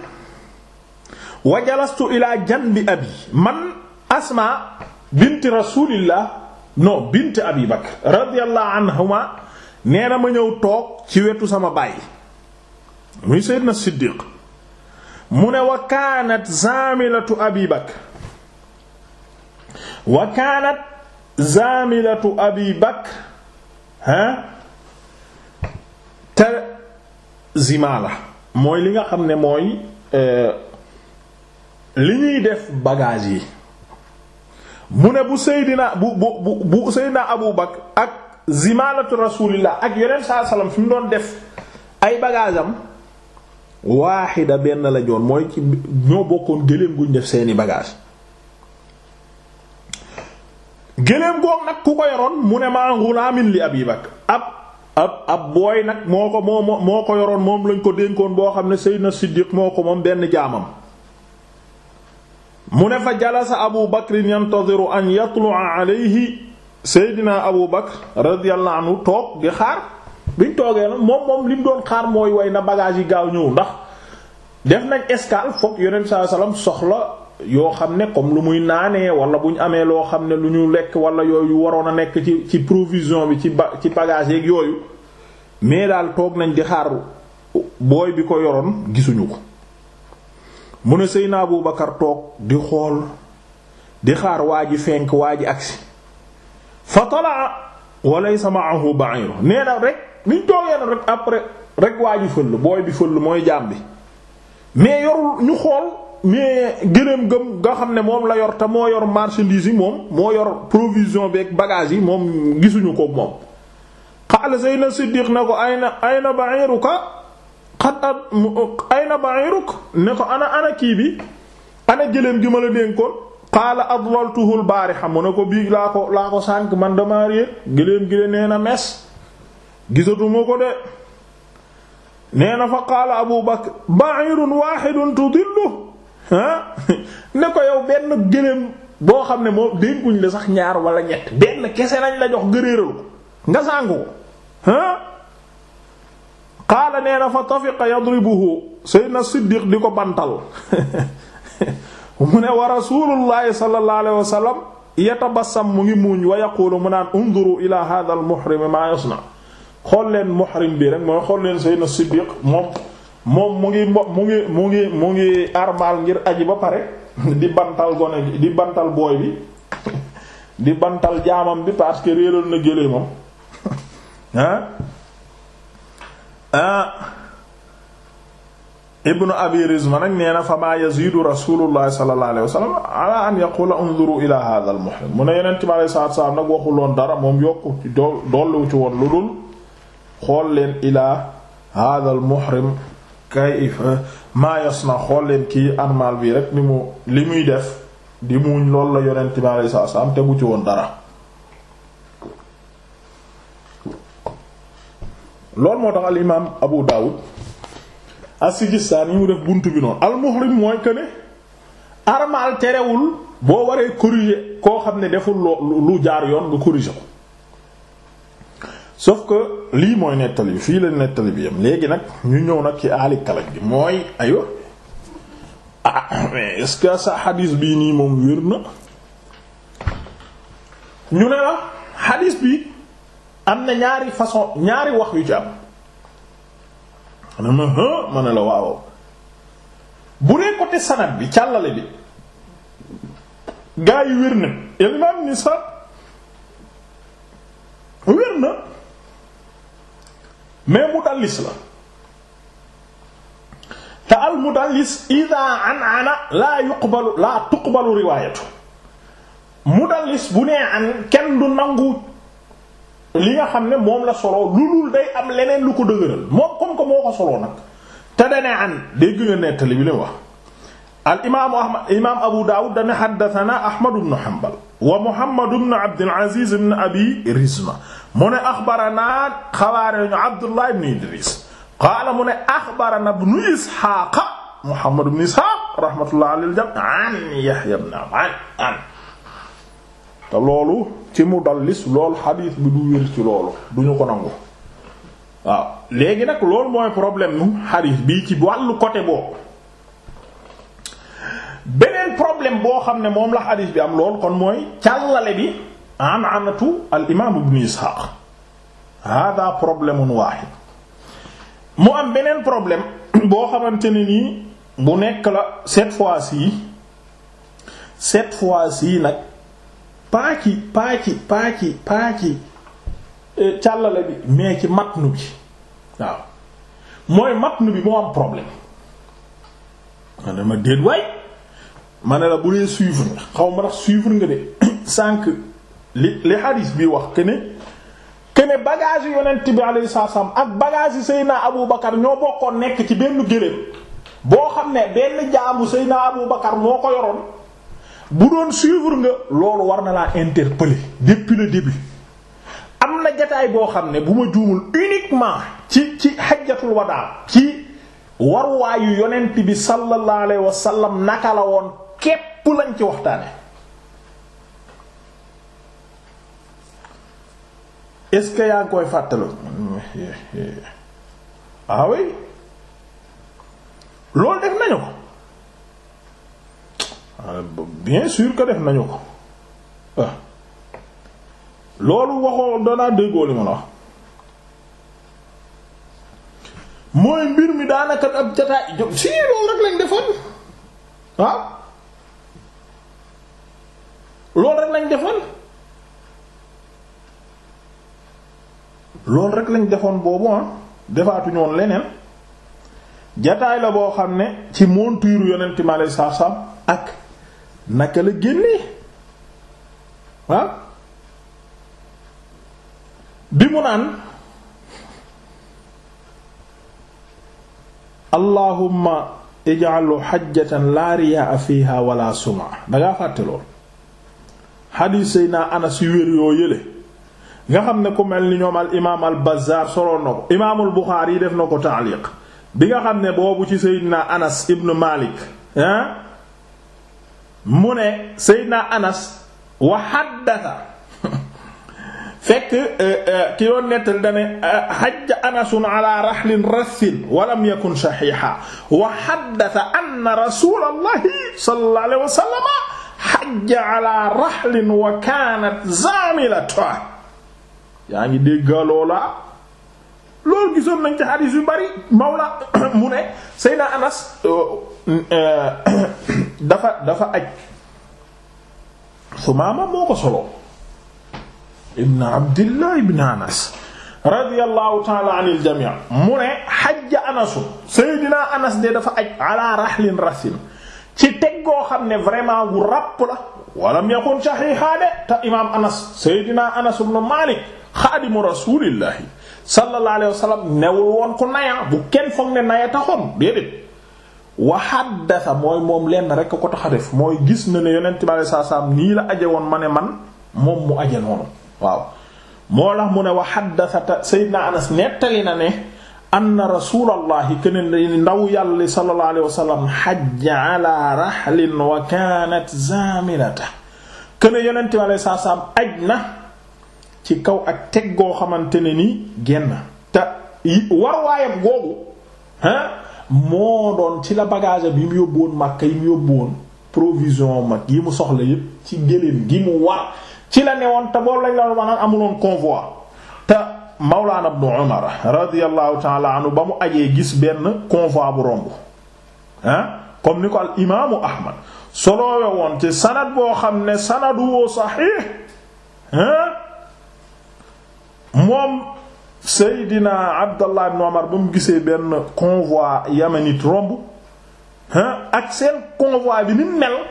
wajalastu ilaa janbi abi man asma bint rasulillah non bint abi bakr radiyallahu anhuma nee na ñëw toog ci wetu sama baay muy sayyidna siddiq mu ne wa kaanat zaamilatu abi bakr wa kaanat zaamilatu abi bakr ha zimaala mooy li nga xam ne mooy euh, li ñuy def bagage yi mu ne bu Seydina bu bu bu Seydina Abu Bakr ak zimaalatu rasulillah ak la saa salaam fi mu doon def ay bagage am waaxida benn la joon mooy ci ñoo bokkoon gëléem guñ def seeni bagage gëléem goog nag ku ko yoroon mu ne maa ngulaamin li Abi Bakr ab ab ab booy nag moo ko moo moo ko yoroon moom lañ ko dénkoon boo xam ne Seydina Siddiq moo ko moom benn jaamam mu ne fa jalasa Abu Bakr yantadiru an yatlu'a alayhi Seydina Abu Bakr radiyallahu anhu toog di xaar biñ toogee nag moom moom li mu doon xaar mooy way na bagage yi gaaw ñëw ndax def nañ escale foog yonent sallallahu soxla yoo xam ne comme lu muy naanee wala bu ñu amee loo xam ne lu ñu lekk wala yooyu waroon a nekk ci ci provision bi ci ba ci bagage yeeg yooyu mais daal toog nañ di xaar booy bi ko yoroon gisuñu ko mu ne Seyna Abu Bakar toog di xool di xaar waa ji fenk waa ji agsi fa talaa sama ma'ahu ba'iru nee na rek niñ toogee na rek après rek waa ji fëll booy bi fëll mooy jaam bi mais yorul ñu xool mais gëléem gëm nga xam ne moom la yor te moo yor marchandise yi moom moo yor provision beeg bagage yi moom gisuñu ko moom xaala Seydina Siddiq na ko ayna ayna ba'iruka xat ab ayna ba'iruk ne ko ana ana kii bi ana gëléem gi ma la dénkoon xaala adlaltuhu al-bariha mu ne ko bii laa ko laa ko sànk man nee na mes gisatuma ko de nee na ne ko yow benn gëléem boo xam ne moo dégguñ la sax ñaar wala ñett benn kese nañ la jox gëréeral ko nga sàngu ko qaala nee na fa tafiqa yadribuhu sayyidina siddiq di ko bantal mu ne wa rasulullahi sallallahu alayhi wa sallam yatabassam mu ngi muuñ wa yaqulu mu naan unzuru ila hadha al muhrim ma yasna xool leen muhrim bi rek mooy xool leen sayyidina siddiq moom moom mu ngi mu ngi mu ngi mu ngi armal ngir aji ba pare di bantal gone bi di bantal booy bi di bantal jaamam bi parce que réeral na gélee moom ah, ah? abi rizma nag nee na fa maa yazidu rasulullahi sallallahu alayhi wa sallam ala an yaqula unzuru ila hadha al muhrim mu ne yeneen mi aleyi salaatu nag waxuloon dara moom yokku dollu ci woon lu dul xool leen ila hadha al kay eh, maa yasna xool leen kii armal bii rek ni mu li muy def di muñ loolu la yonent bi alayhi salaam tegu ci woon dara loolu moo tax al imaam Abu Dawud as-Sijistani mu def buntu bi noonu al-muhrim mooy que ne armal terewul boo waree koo xam ne deful lu jaar yoon nga corriger ko sauf que lii mooy nettali bi fii la nettali bi yam léegi nag ñu ñëw nag ci aali kalaj gi mooy aywa ah est-ce que sa xadis bii nii moom wér na ñu ne la xadis bi am na ñaari façon ñaari wax yu ci am ma ne la waaw bu dee côté sanad bi càllale bi gaa yi wér na el imam ni sa wér na mais mudallis la te al mudallis ida an ana laa yuqbalu laa mudallis bu nee an kenn du nangu li nga xam ne moom la solo lu dul day am leneen lu ko dëgëral moom comme que moo ko solo nag te danee an dégg nga nettali bi li wax al imaamu abu daawud dana xaddatana ahmad ibn hanbal wa Muhammad ibn Abdul Aziz ibn Abi Rizma mu ne axbaranaa xabaare ñu Abdullah ibn Idris qaala mu ne axbarana ibn Ishaaq Muhammad ibn Ishaaq rahmatullahi alal jamii an Yahya ibn Ma'in an te loolu ci mudallis loolu xadiis bi du wér ci loolu duñu ko nangu waaw léegi nag loolu mooy problème mu xadiis bi ci wàllu côté boobu beneen problème boo xam ne moom la xadiis bi am lool kon mooy càllale bi an anatu al imaam ibn Isxaaq hada problème waaxid mu am beneen problème boo xamante ne nii bu nekk la cette fois-ci cette fois-ci nag paa ci paa ci paa ci paa ci euh, càllale bi mais ci matnu bi waaw mooy matnu bi moo am problème dama déet waay ma ne la bu dee suivre nga xaw ma tax suivre nga de sànq li li hadis bi wax que ne que ne bagage yu yonent bi alayhi salaam ak bagage yi Seyna Aboubacar ñoo bokkoon nekk ci benn gëléem boo xam ne benn jaamu Seyna Aboubacar moo ko yoroon bu doon suivre nga loolu war na laa interpeller depuis le début. am na jataay boo xam ne bu ma juumul uniquement ci ci xajjatul wadaa ci. warwaayu yonent bi sallallahu alayhi wa sallam naka la woon képp lañ ci waxtaane est-ce que yaa koy fàttalu ah loolu def nañu ko ah, bien sûr que def nañu ko ah. loolu waxoo danaa déggoo li ma la mooy mbir mi daanaka ab jataay si loolu rek lañ defoon ah. loolu rek lañ defoon loolu rek lañ defoon booboon ah defaatuñu woon leneen jataay la boo xam ne ci monture yonent mi aleyhi salaatu ak naka la génnee waaw bi mu naan allahumma ij'alu hajjatan la riyaa fiha wala suma dangaa fàtte lool xadiis Seydina Anas yu wér yoo yële nga xam ne ku mel ni ñoom al imaam al Bazzaar soloon na ko imaamul Buxaari yi def na ko taaliq bi nga xam ne boobu ci Seydina Anas ibn Malik hein mu ne Seydina Anas wa xaddata fekk euh, euh, ki doon nettali dane xajja euh, anasun ala raxlin rassin walam yakun saxiixa wa xaddata anna rasuulallahi sallallahu alayhi wa sallama hajja ala rahlin wa kaanat zaamilata yaa ngi dégga loola loolu gisoon nañ ci xadiis yu bari mawla mu ne Seydina Anas euh, euh, dafa dafa aj Sumaama moo ko solo ibn Abdillah ibn Anas radiyallahu taala anil jamii mu ne xajja Anasu Seydina Anas de dafa aj ala rahlin rasin ci teg goo xam ne vraiment wu ràpp la walam yakun saxiixa de te imaam anas seydina anas ibn malik xaadimu rasulillahi sallallahu alayhi wa sallam newul woon ko naya bu kenn foog ne naya taxoon déedéet wa haddasa mooy moom lenn rek ko tax def mooy gis na ne yonent bi alayhi salaam nii la aje woon ma ne man moom mu aje noonu waaw moo tax mu ne wa haddasa te seydina anas nettali na ne anna rasulallahi kenn ndaw yàlla sallallahu alayhi wa sallam xajja ala raxlin wa kaanat zaaminata kenn yonent bi alayhi salaam aj na ci kaw ak teg goo xamante ne ni génn te war waayam googu ah moo doon ci la bagage bi mu yóbbu woon Makka yi mu yóbbu woon provision mag yi mu soxla yépp ci gëléem gi mu war ci la newoon te boobu lañ la wax amuloon convoi Mawlaana Ibnu Umar radiyallahu taala anhu ba mu ajee gis benn convoi bu romb ah comme ni ko al imaamu Ahmad soloowe woon ci sanad boo xam ne sanadu woo saxiix ah moom Seydina Abdallah ibn Umar ba mu gisee benn convoi yamanit romb ah ak seen convoi bi ni mel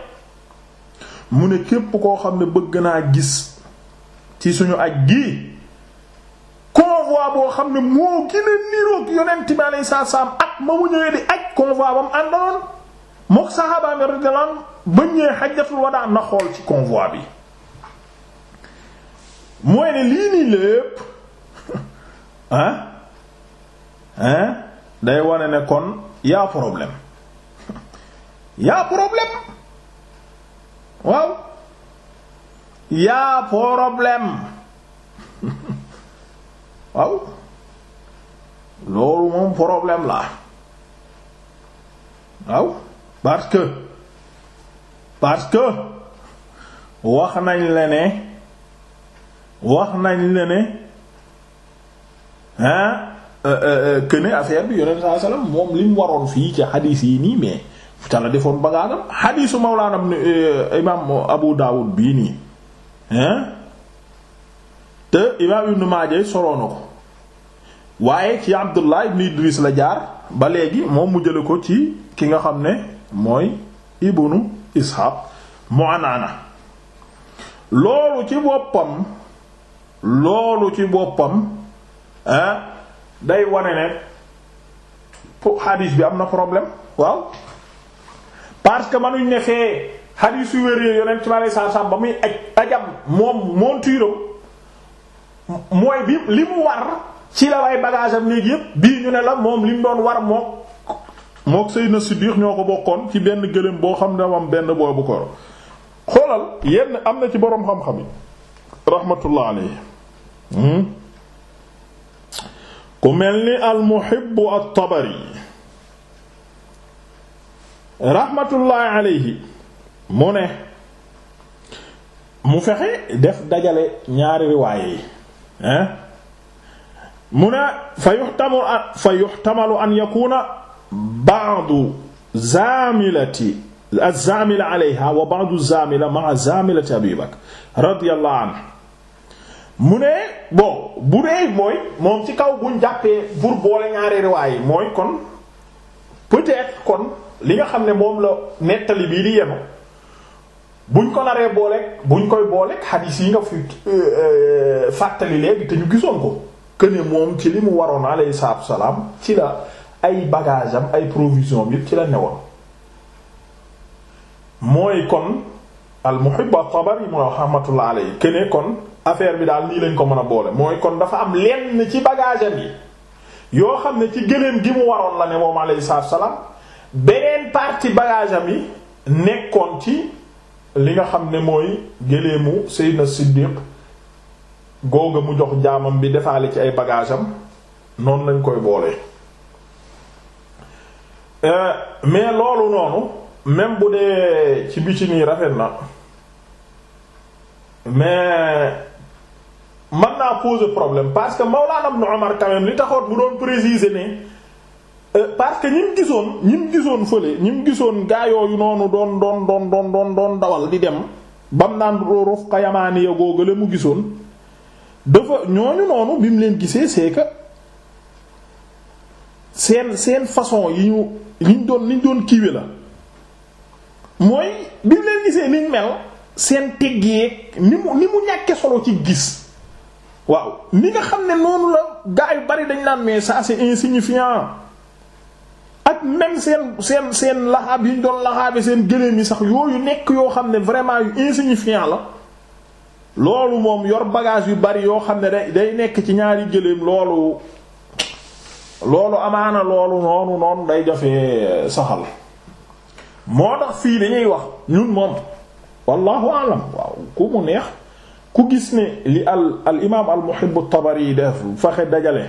mu ne képp koo xam ne bëgg naa gis ci suñu aj gi convoi boo xam ne moo gën a niroog yonent bi alayhi salaam at ma mu ñëwee di aj convoi ba mu àndaloon mook saxaaba mi radiyallahu anhu ba ñëwee xajjatul wadaa na xool ci convoi bi mooy ne lii nii lépp ah ah day wane ne kon yaa problème yaa problème waaw yaa problème waaw loolu moom problème la waaw parce que parce que wax nañ la ne wax nañ la ne hein këne euh, euh, euh, affaire bi yonent saa salaam moom li waroon fii ci xadiis yi nii mais ca la defoon bagaagam xadiisu Mawlaana imaam Abu Daawud bii nii hein te imaam Ibnu Maaja soroon na ko waaye ci Abdullah ibn Idris la jaar ba léegi moom mu jële ko ci ki nga xam ne mooy ibnu Ishaq mu anaana loolu ci boppam loolu ci boppam ah day wane ne pour xadiis bi am na problème waaw parce que mënuñ ne fee xadiis yu wér yonent ci ma saa saa ba muy aj ajam moom monturam mooy bi li mu war ci la way bagage am yépp bii ñu ne la moom li mu doon war mook mook Seydina Siddiq ñoo ko bokkoon ci benn gëléem boo xam ne am benn boobu bu ko xoolal yenn am na ci boroom xam-xam yi rahmatullah alayhi hmm? mel ni al Muhibb at-Tabari rahmatullah mu ne mu fexe def dajale ñaari riwaaye yi mu ne fa yuxtamu fa yuxtamalu an yakuna ba'du zaamilati az-zaamila alayha wa ba'du zaamila ma'a zaamilati Abi Bakr radiyallahu anhu mu ne bon bu dee mooy moom ci kaw buñ jàppee pour boole ñaari mooy kon peut kon li nga xam ne moom la nettali bii di yenu buñ ko naree booleeg buñ koy booleeg xadiis yi nga fi euh, euh, fàttali léegi te ñu gisoon ko que moom ci li mu waroon alayhi salaatu salaam ci la ay bagage ay provision bi ci la newoon mooy kon al Muhibb at-Tabari mooy rahmatullah alayhi que kon affaire bi daal nii lañ ko mën a boole mooy kon dafa am lenn ci bagage yi yoo xam ne ci gëléem gi mu waroon la ne moom alayhi salaatu salaam beneen partie bagage yi nekkoon ci li nga xam ne mooy gëléemu Seydina Siddiq googa mu jox jaamam bi defaale ci ay bagage noonu lañ koy boole euh, mais loolu noonu même bu dee ci bi ci nii rafet na mais man naa poser problème parce que Mawlana Ibn Umar quand li taxoon bu doon préciser ne euh, parce que ñim gisoon ñim gisoon fële ñim gisoon gaa yooyu noonu doon doon doon doon doon doon dawal di dem bam naan Rufqa Yamaaniya googa la mu gisoon dafa ñooñu noonu bi mu leen gisee c'est que seen seen façon yi ñu liñ doon liñ doon kiiwe la mooy bi mu leen gisee niñ mel seen teggeeg ni mu mu ñàkke solo ci gis waaw ni nga xam ne noonu gaa yu bari dañ naan mais ça c'est insignifiant ak même seen seen seen laxaab yi ñu doon laxaabe seen gëléem yi sax yooyu nekk yoo xam ne vraiment yu insignifiant la loolu moom yor bagage yu bari yoo xam ne day day nekk ci ñaari gëléem loolu loolu amaana loolu noonu noonu day jafe eh, saxal moo tax fii dañuy wax ñun moom wallahu alam waaw ku mu neex ku gis ne li al al imaam al muhibbu faxe dajale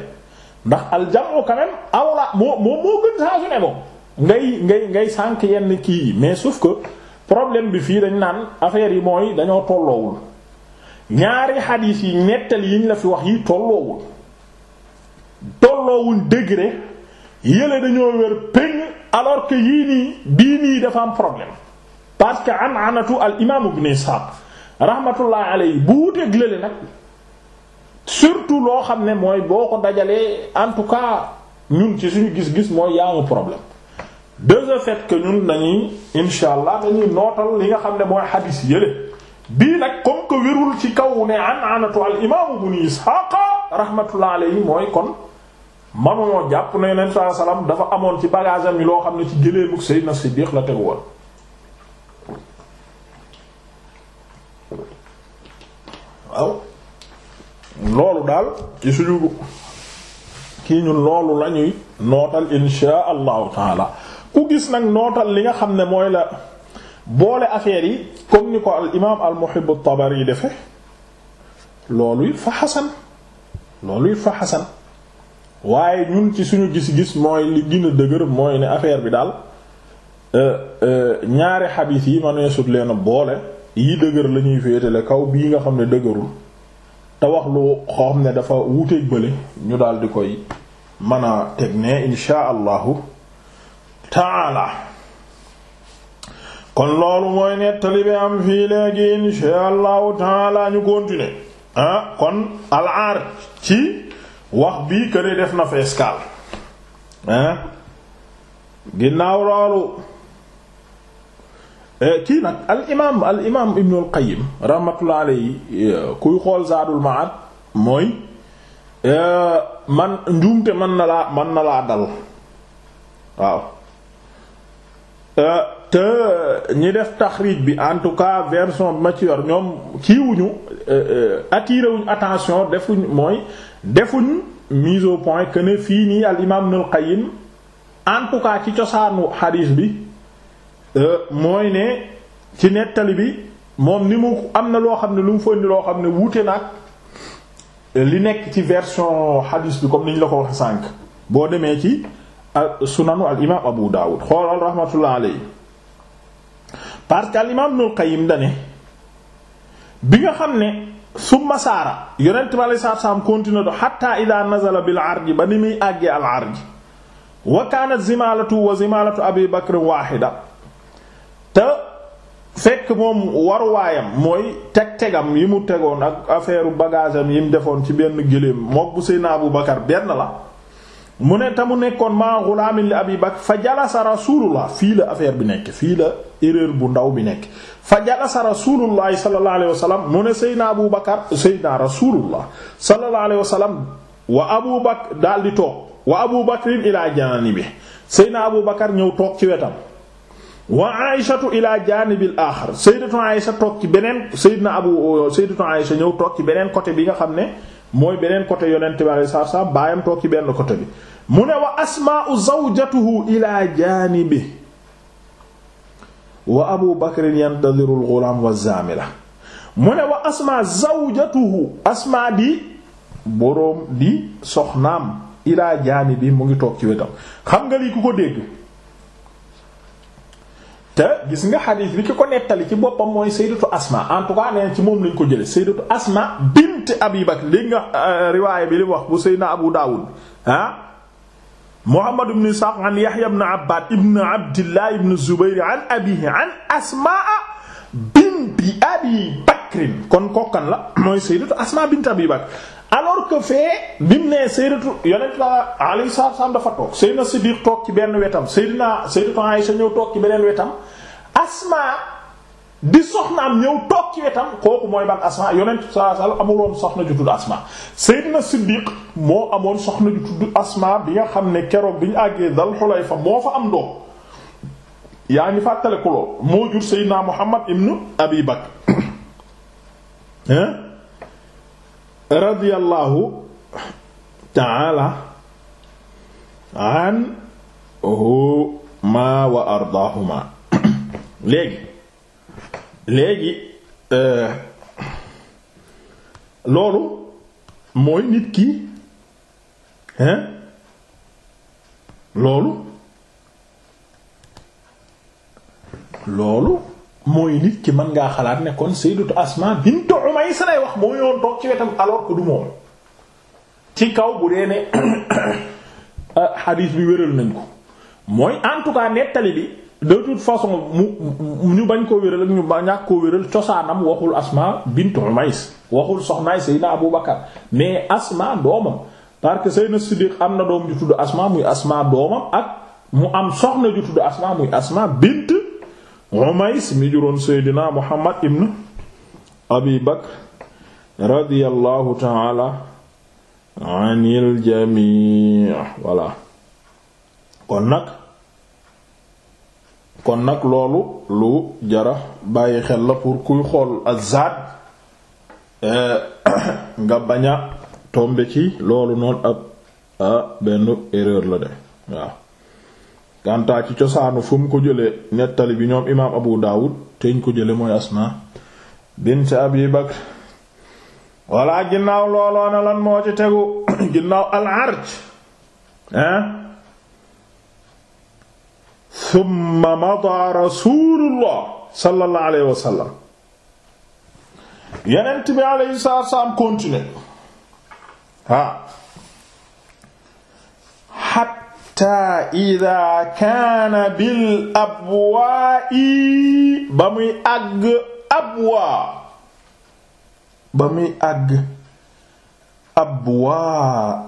ndax al jamu quand même moo gën saa su ne ngay ngay ngay sànk yenn kii yi mais sauf que problème bi fii dañ naan affaire yi mooy dañoo tolloowul ñaari xadiis yi yi ñu la fi wax yi tolloowul tolloowul degré yële dañoo wér peñ alors que yii nii bii nii dafa am problème parce que an anatu al imam ibn Ishaq rahmatullah alayhi bu lële nag surtout loo xam ne mooy boo ko dajalee en tout cas ñun ci suñu gis-gis mooy yaamu problème de ce fait que ñun dañuy insha allah dañuy nootal li nga xam ne mooy xadiis yële bii nag comme que wérul ci kaw ne an anatu al imaamu bnu ishaqa rahmatullah alayhi mooy kon manuñoo jàpp ne yonent saa salaam dafa amoon ci bagage yi loo xam ne ci gëleemug Seydina Siddiq la teg woon waaw loolu daal ci suñu kii ñun loolu la ñuy nootal insha allahu taala ku gis nag nootal li nga xam ne mooy la boole affaire yi comme ni ko al imaam al muhib at-Tabari defe loolu it fa xasan loolu it fa xasan waaye ñun ci suñu gis-gis mooy li gën a dëgër mooy ne affaire bi daal euh, euh, ñaari xadiis yi mënee sut leen boole yi dëgër la ñuy féetale kaw bii nga xam ne dëgërul te wax lu xam ne dafa wuuteeg bële ñu daal di koy mën a teg ne insha allahu taala kon loolu mooy nettali bi am fii léegi insha allahu taala ñu continuer ah kon alaar ci wax bii que def na fa escale ah ginnaaw loolu eh, kii nag al imaam al imaam Ibnul Qayyim rahmatullahi alayhi eh, kuy xool Zaadul Ma'ad mooy eh, man njuumte mën na laa mën na laa dal waaw. te ñi def taxrij bi en tout cas version bi ma ci yor ñoom kiiwuñu euh, euh, attiré wuñ attention defuñ mooy defuñ mise au point que ne fii nii al imaam Ibnul Qayyim en tout cas ci cosaanu xadiis bi euh, mooy ne ci nettali bi moom ni mu am na loo xam ne lu mu fëndi loo xam ne wuute nag li nekk ci version xadiis bi comme niñ la ko wax sànq boo demee ci sunanu al imaam Abu Dawud xoolal rahmatullah alayhi parce que al imaam Ibnul Qayyim dane bi nga xam ne summa saara yonent bi alayhi salaatu salaam continue do hatta idha nazala bil arji ba ni muy àggee al arji wa kaanat zimaalatu wa zimaalatu abi bakr te fekk moom waruwaayam mooy teg tegam yi mu tegoon ak affaire bagage am yi mu defoon ci benn gëléem mook bu Seydina Abu benn la mu ne te mu nekkoon maa xulaamin li abi bakr fa jalasa rasulullah fii la affaire bi nekk fii la erreur bu ndaw bi nekk fa jalasa rasulullahi sallallahu alayhi wa mu ne seydna abu bakar seydna rasulullah sallallahu alayhi wa sallam wa abu bakr daal di toog wa abu bakrin ilaa janibi seydna abu bakar ñëw toog ci wetam wa aïshatu ila janibil axar sayyidatu aïsha toog ci beneen seydna abu sayyidatu aïsha ñëw toog ci beneen côté bi nga xam ne mooy beneen côté yonent bi alayhi salaatu salaam baayam toog ci benn côté bi mu ne wa asmaa'u zawjatuhu ila jaanibi wa abu bakrin yantadiru al-ghulaam wa zaamila mu ne wa asmaa zawjatuhu asmaa di boroom di soxnaam ilaa jaani bi mu ngi toog ci wetam xam nga lii ku ko dégg te gis nga xadiis bi ko nettali ci boppam mooy sayyidatu asma en tout cas neen ci moom lañ ko jële sayyidatu asma bint abi bakr li nga euh, riwaaya bi li wax bu sayyidina abu daawud ah muhammad ibn isxaaq an yahya ibn abbad ibn abdillah ibn zubayr an abihi an asmaa binti abi bakrin kon kokkan la mooy sayyidatu asma bint abi bakr alors ko fee bi mu nee sayyidatu yonent la alayhi salaam dafa toog sayyidina Siddiq toog ci benn wetam sayyidina sayyidatu Aisha toog ci beneen wetam Asma di soxnaam ñëw toog ci wetam kooku mooy ban Asma yonent sallallahu alayhi wasallam amuloon soxna ju tudd Asma sayyidina Siddiq moo amoon soxna ju tudd bi nga xam ne keroog bi ñu àggee Dal Xulayfa moo fa am doom yaa ngi fàttaliku lool moo jur sayyidina Muhammad ibn Abi Bakr hein radiyallahu ta'ala anhuma wa ardaahuma léegi léegi euh, loolu mooy nit ki hein loolu loolu mooy nit ki mën ngaa xalaat ne kon sayyidatu Asma bintu sa lay wax moo yoon toog ci wetam alors que du moom ci kaw bu dee ne ah, hadith bi wéral nañ ko mooy en tout nettali bi de toute façon mu ñu bañ koo wéral ak ñu ñàkk koo wéral cosaanam waxul Asma bintu Umays waxul soxnaay Seydina Abu Bakar mais Asma doomam parce que Seydina Siddiq am na doom ju tudd Asma muy Asma doomam ak mu am soxna ju tudd Asma muy Asma bint Umays mi juróon Seydina Muhammad ibn Abi Bakr radiyallahu ta'ala anil jamii voilà kon nag kon nag loolu lu jara bàyyi xel la pour kuy xool azad eh, nga bañ tombe ci loolu noonu ab ah, benn erreur la de waaw kantaa ci cosaanu fu mu ko jële nettali bi ñoom imaam abu daawud teñ ko jële mooy asma bint abi bakr walla ginnaaw looloona lan moo ci tegu ginnaaw al arj hein thumma mada rasulullah sallallahu alayhi wa sallam yenent bi alayhi salaam hatta ida kaana bil abwaa'i ba muy àgg abwaa ba muy àgg abwaa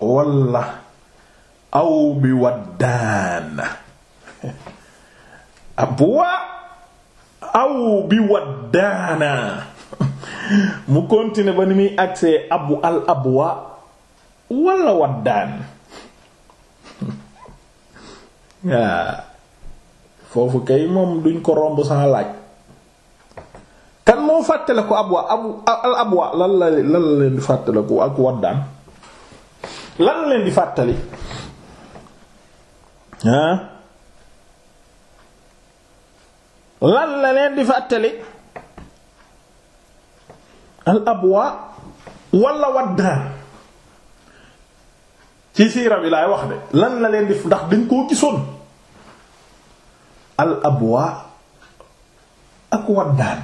walla aw bi waddaan abwaa aw bi waddaana mu continuer ba ni muy agsee abu al abwaa wala waddaan waa foofu kay moom duñ ko romb sans laaj kan moo fàttale ko abwa abu al abwa lan la lan la leen di fàttale ko ak waddaan lan leen di fàttali ah lan la leen di fàttali al abwa wala waddaan ci siira yi laay wax de lan la leen di ndax dañ koo gisoon al abwa ak waddaan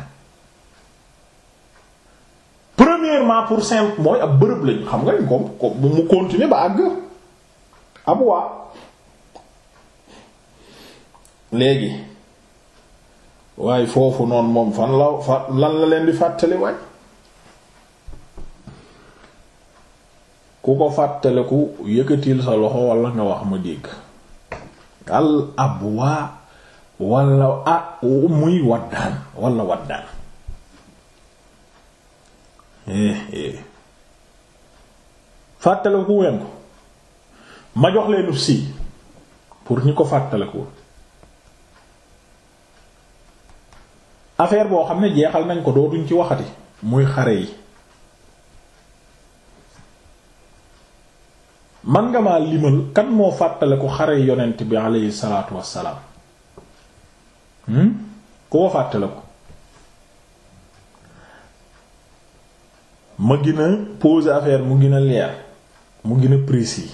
premièrement pour simple mooy ab bërëb lañu xam nga comme comme mu continuer ba àgg abwa léegi waaye foofu noonu moom fan la fa lan la leen di fàttali waay ku ko fàttaleku yëkkatil sa loxo wala nga wax ma dégg al abwa wala ah muy waddaan wala waddaan eh, eh. fàttaleku ko ma jox leenu si pour ñi ko fàttaleku affaire boo xam ne jeexal nañ ko dootuñ ci waxati muy xare yi man nga maa limal kan moo fàttale ku xare yonent bi aleyhi salaatu wassalaam hmm koo fàttale ko ma gën a poser affaire mu gën a leer mu gën a précis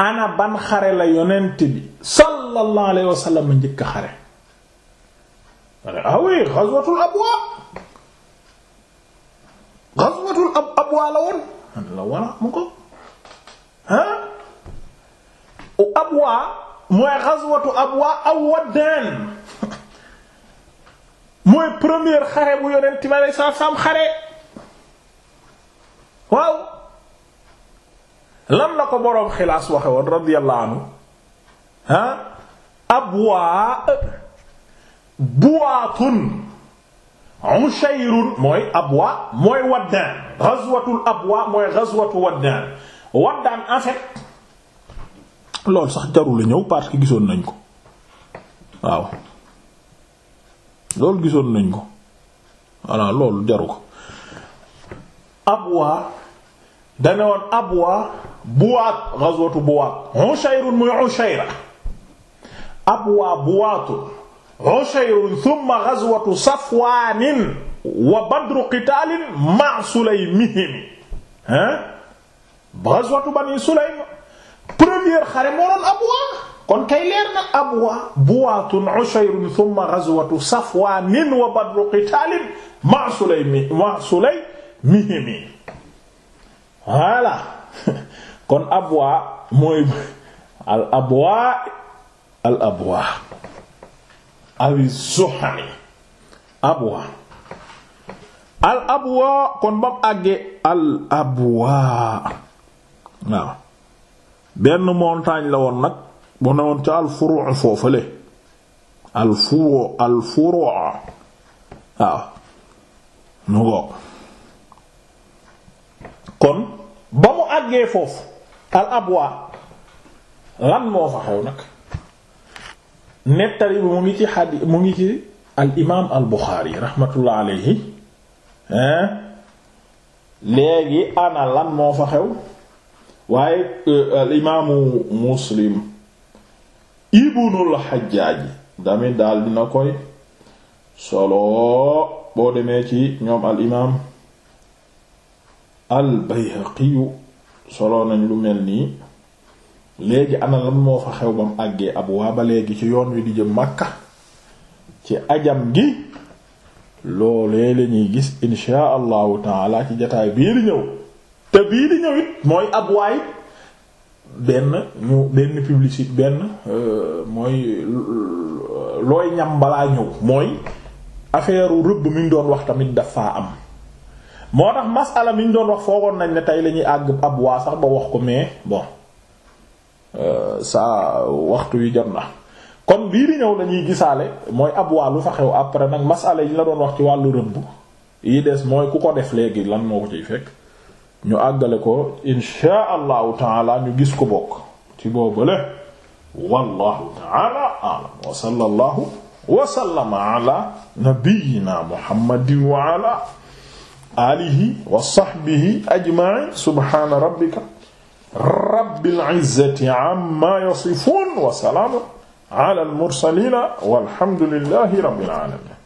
ana ban xare la yonent bi sallallahu alayhi njëkk a xare ah oui ghazwatul abwa ghazwatul abwa la woon la wala mu ko u Abwa mooy ghazwatu Abwa aw Waddaan mooy première xare bu yonent ma lay sa sam xare waaw lan la ko boroom xilaas waxe woon radiyallahu anhu ah Abwa buwaatun ushayrun mooy Abwa mooy Waddaan ghazwatul Abwa mooy ghazwatu Waddaan waddaan en fait loolu sax jarul ñëw parce que gisoon nañ ko waaw loolu gisoon nañ ko voilà loolu jaru ko abwa dane woon abwa buwaat ghazwatu buwaat muy ushayra abwa buwaatun ushayrun thumma ghazwatu safwaanin wa badru qitaalin ma sulaymihim ha ghazwatu bani sulaym première xare moo doon abwa kon kay leer na abwa buwaatun ushayrun thumma ghazwatu safwaanin wa badru qitaalin ma sulaym ma sulaymihimi voilà kon abwa mooy al abwa al abwa awi zuhani abwa al abwa kon bam àggee al abwa waaw benn montagne la woon nag bu ne woon ca alfuroo foofale alfuroo alfuroo waaw nu ngoo kon ba mu àggee foofu al abwa lan moo fa xew nag nettali bi mu ngi ci xadi mu ngi ci al imaam al buxaari raxmatullah alayhi léegi ana lan moo fa xew waaye euh, al imaamu muslim ibnul xajjaaji damit daal dina koy solo boo demee ci ñoom al imaam al nañ lu mel nii léegi ana lan moo fa xew bam àggee ab waa ba léegi ci yoon wi di jëm Makka ci ajam gi loolee lañuy gis insha allahu taala ci jataay bii ñëw te bii di ñëw mooy ab waay benn ñu benn publicité benn euh, mooy looy ñam balaa ñëw mooy affaire rëbb mi ñu doon wax tamit dafa am moo tax masala mi ñu doon wax foogoon nañ ne tey lañuy àgg ab waa sax ba wax ko mais bon saa euh, waxtu yu jot na kon bii di ñëw lañuy gisaale mooy ab waa lu fa xew après nag masala yi la doon wax ci wàllu rëbb yi des mooy ku ko def léegi lan moo ko ciy fekk ñu àggale ko insha allahu taala ñu gis ko bokk ci boobale wallahu taala a'lam wa sallallahu wa sallama ala nabiyyina muhammadin wa ala alihi wa sahbihi ajma'in subhana rabbika rabbil izzati amma yasifun wa salamun ala al mursalin walhamdulillahi rabbil alamin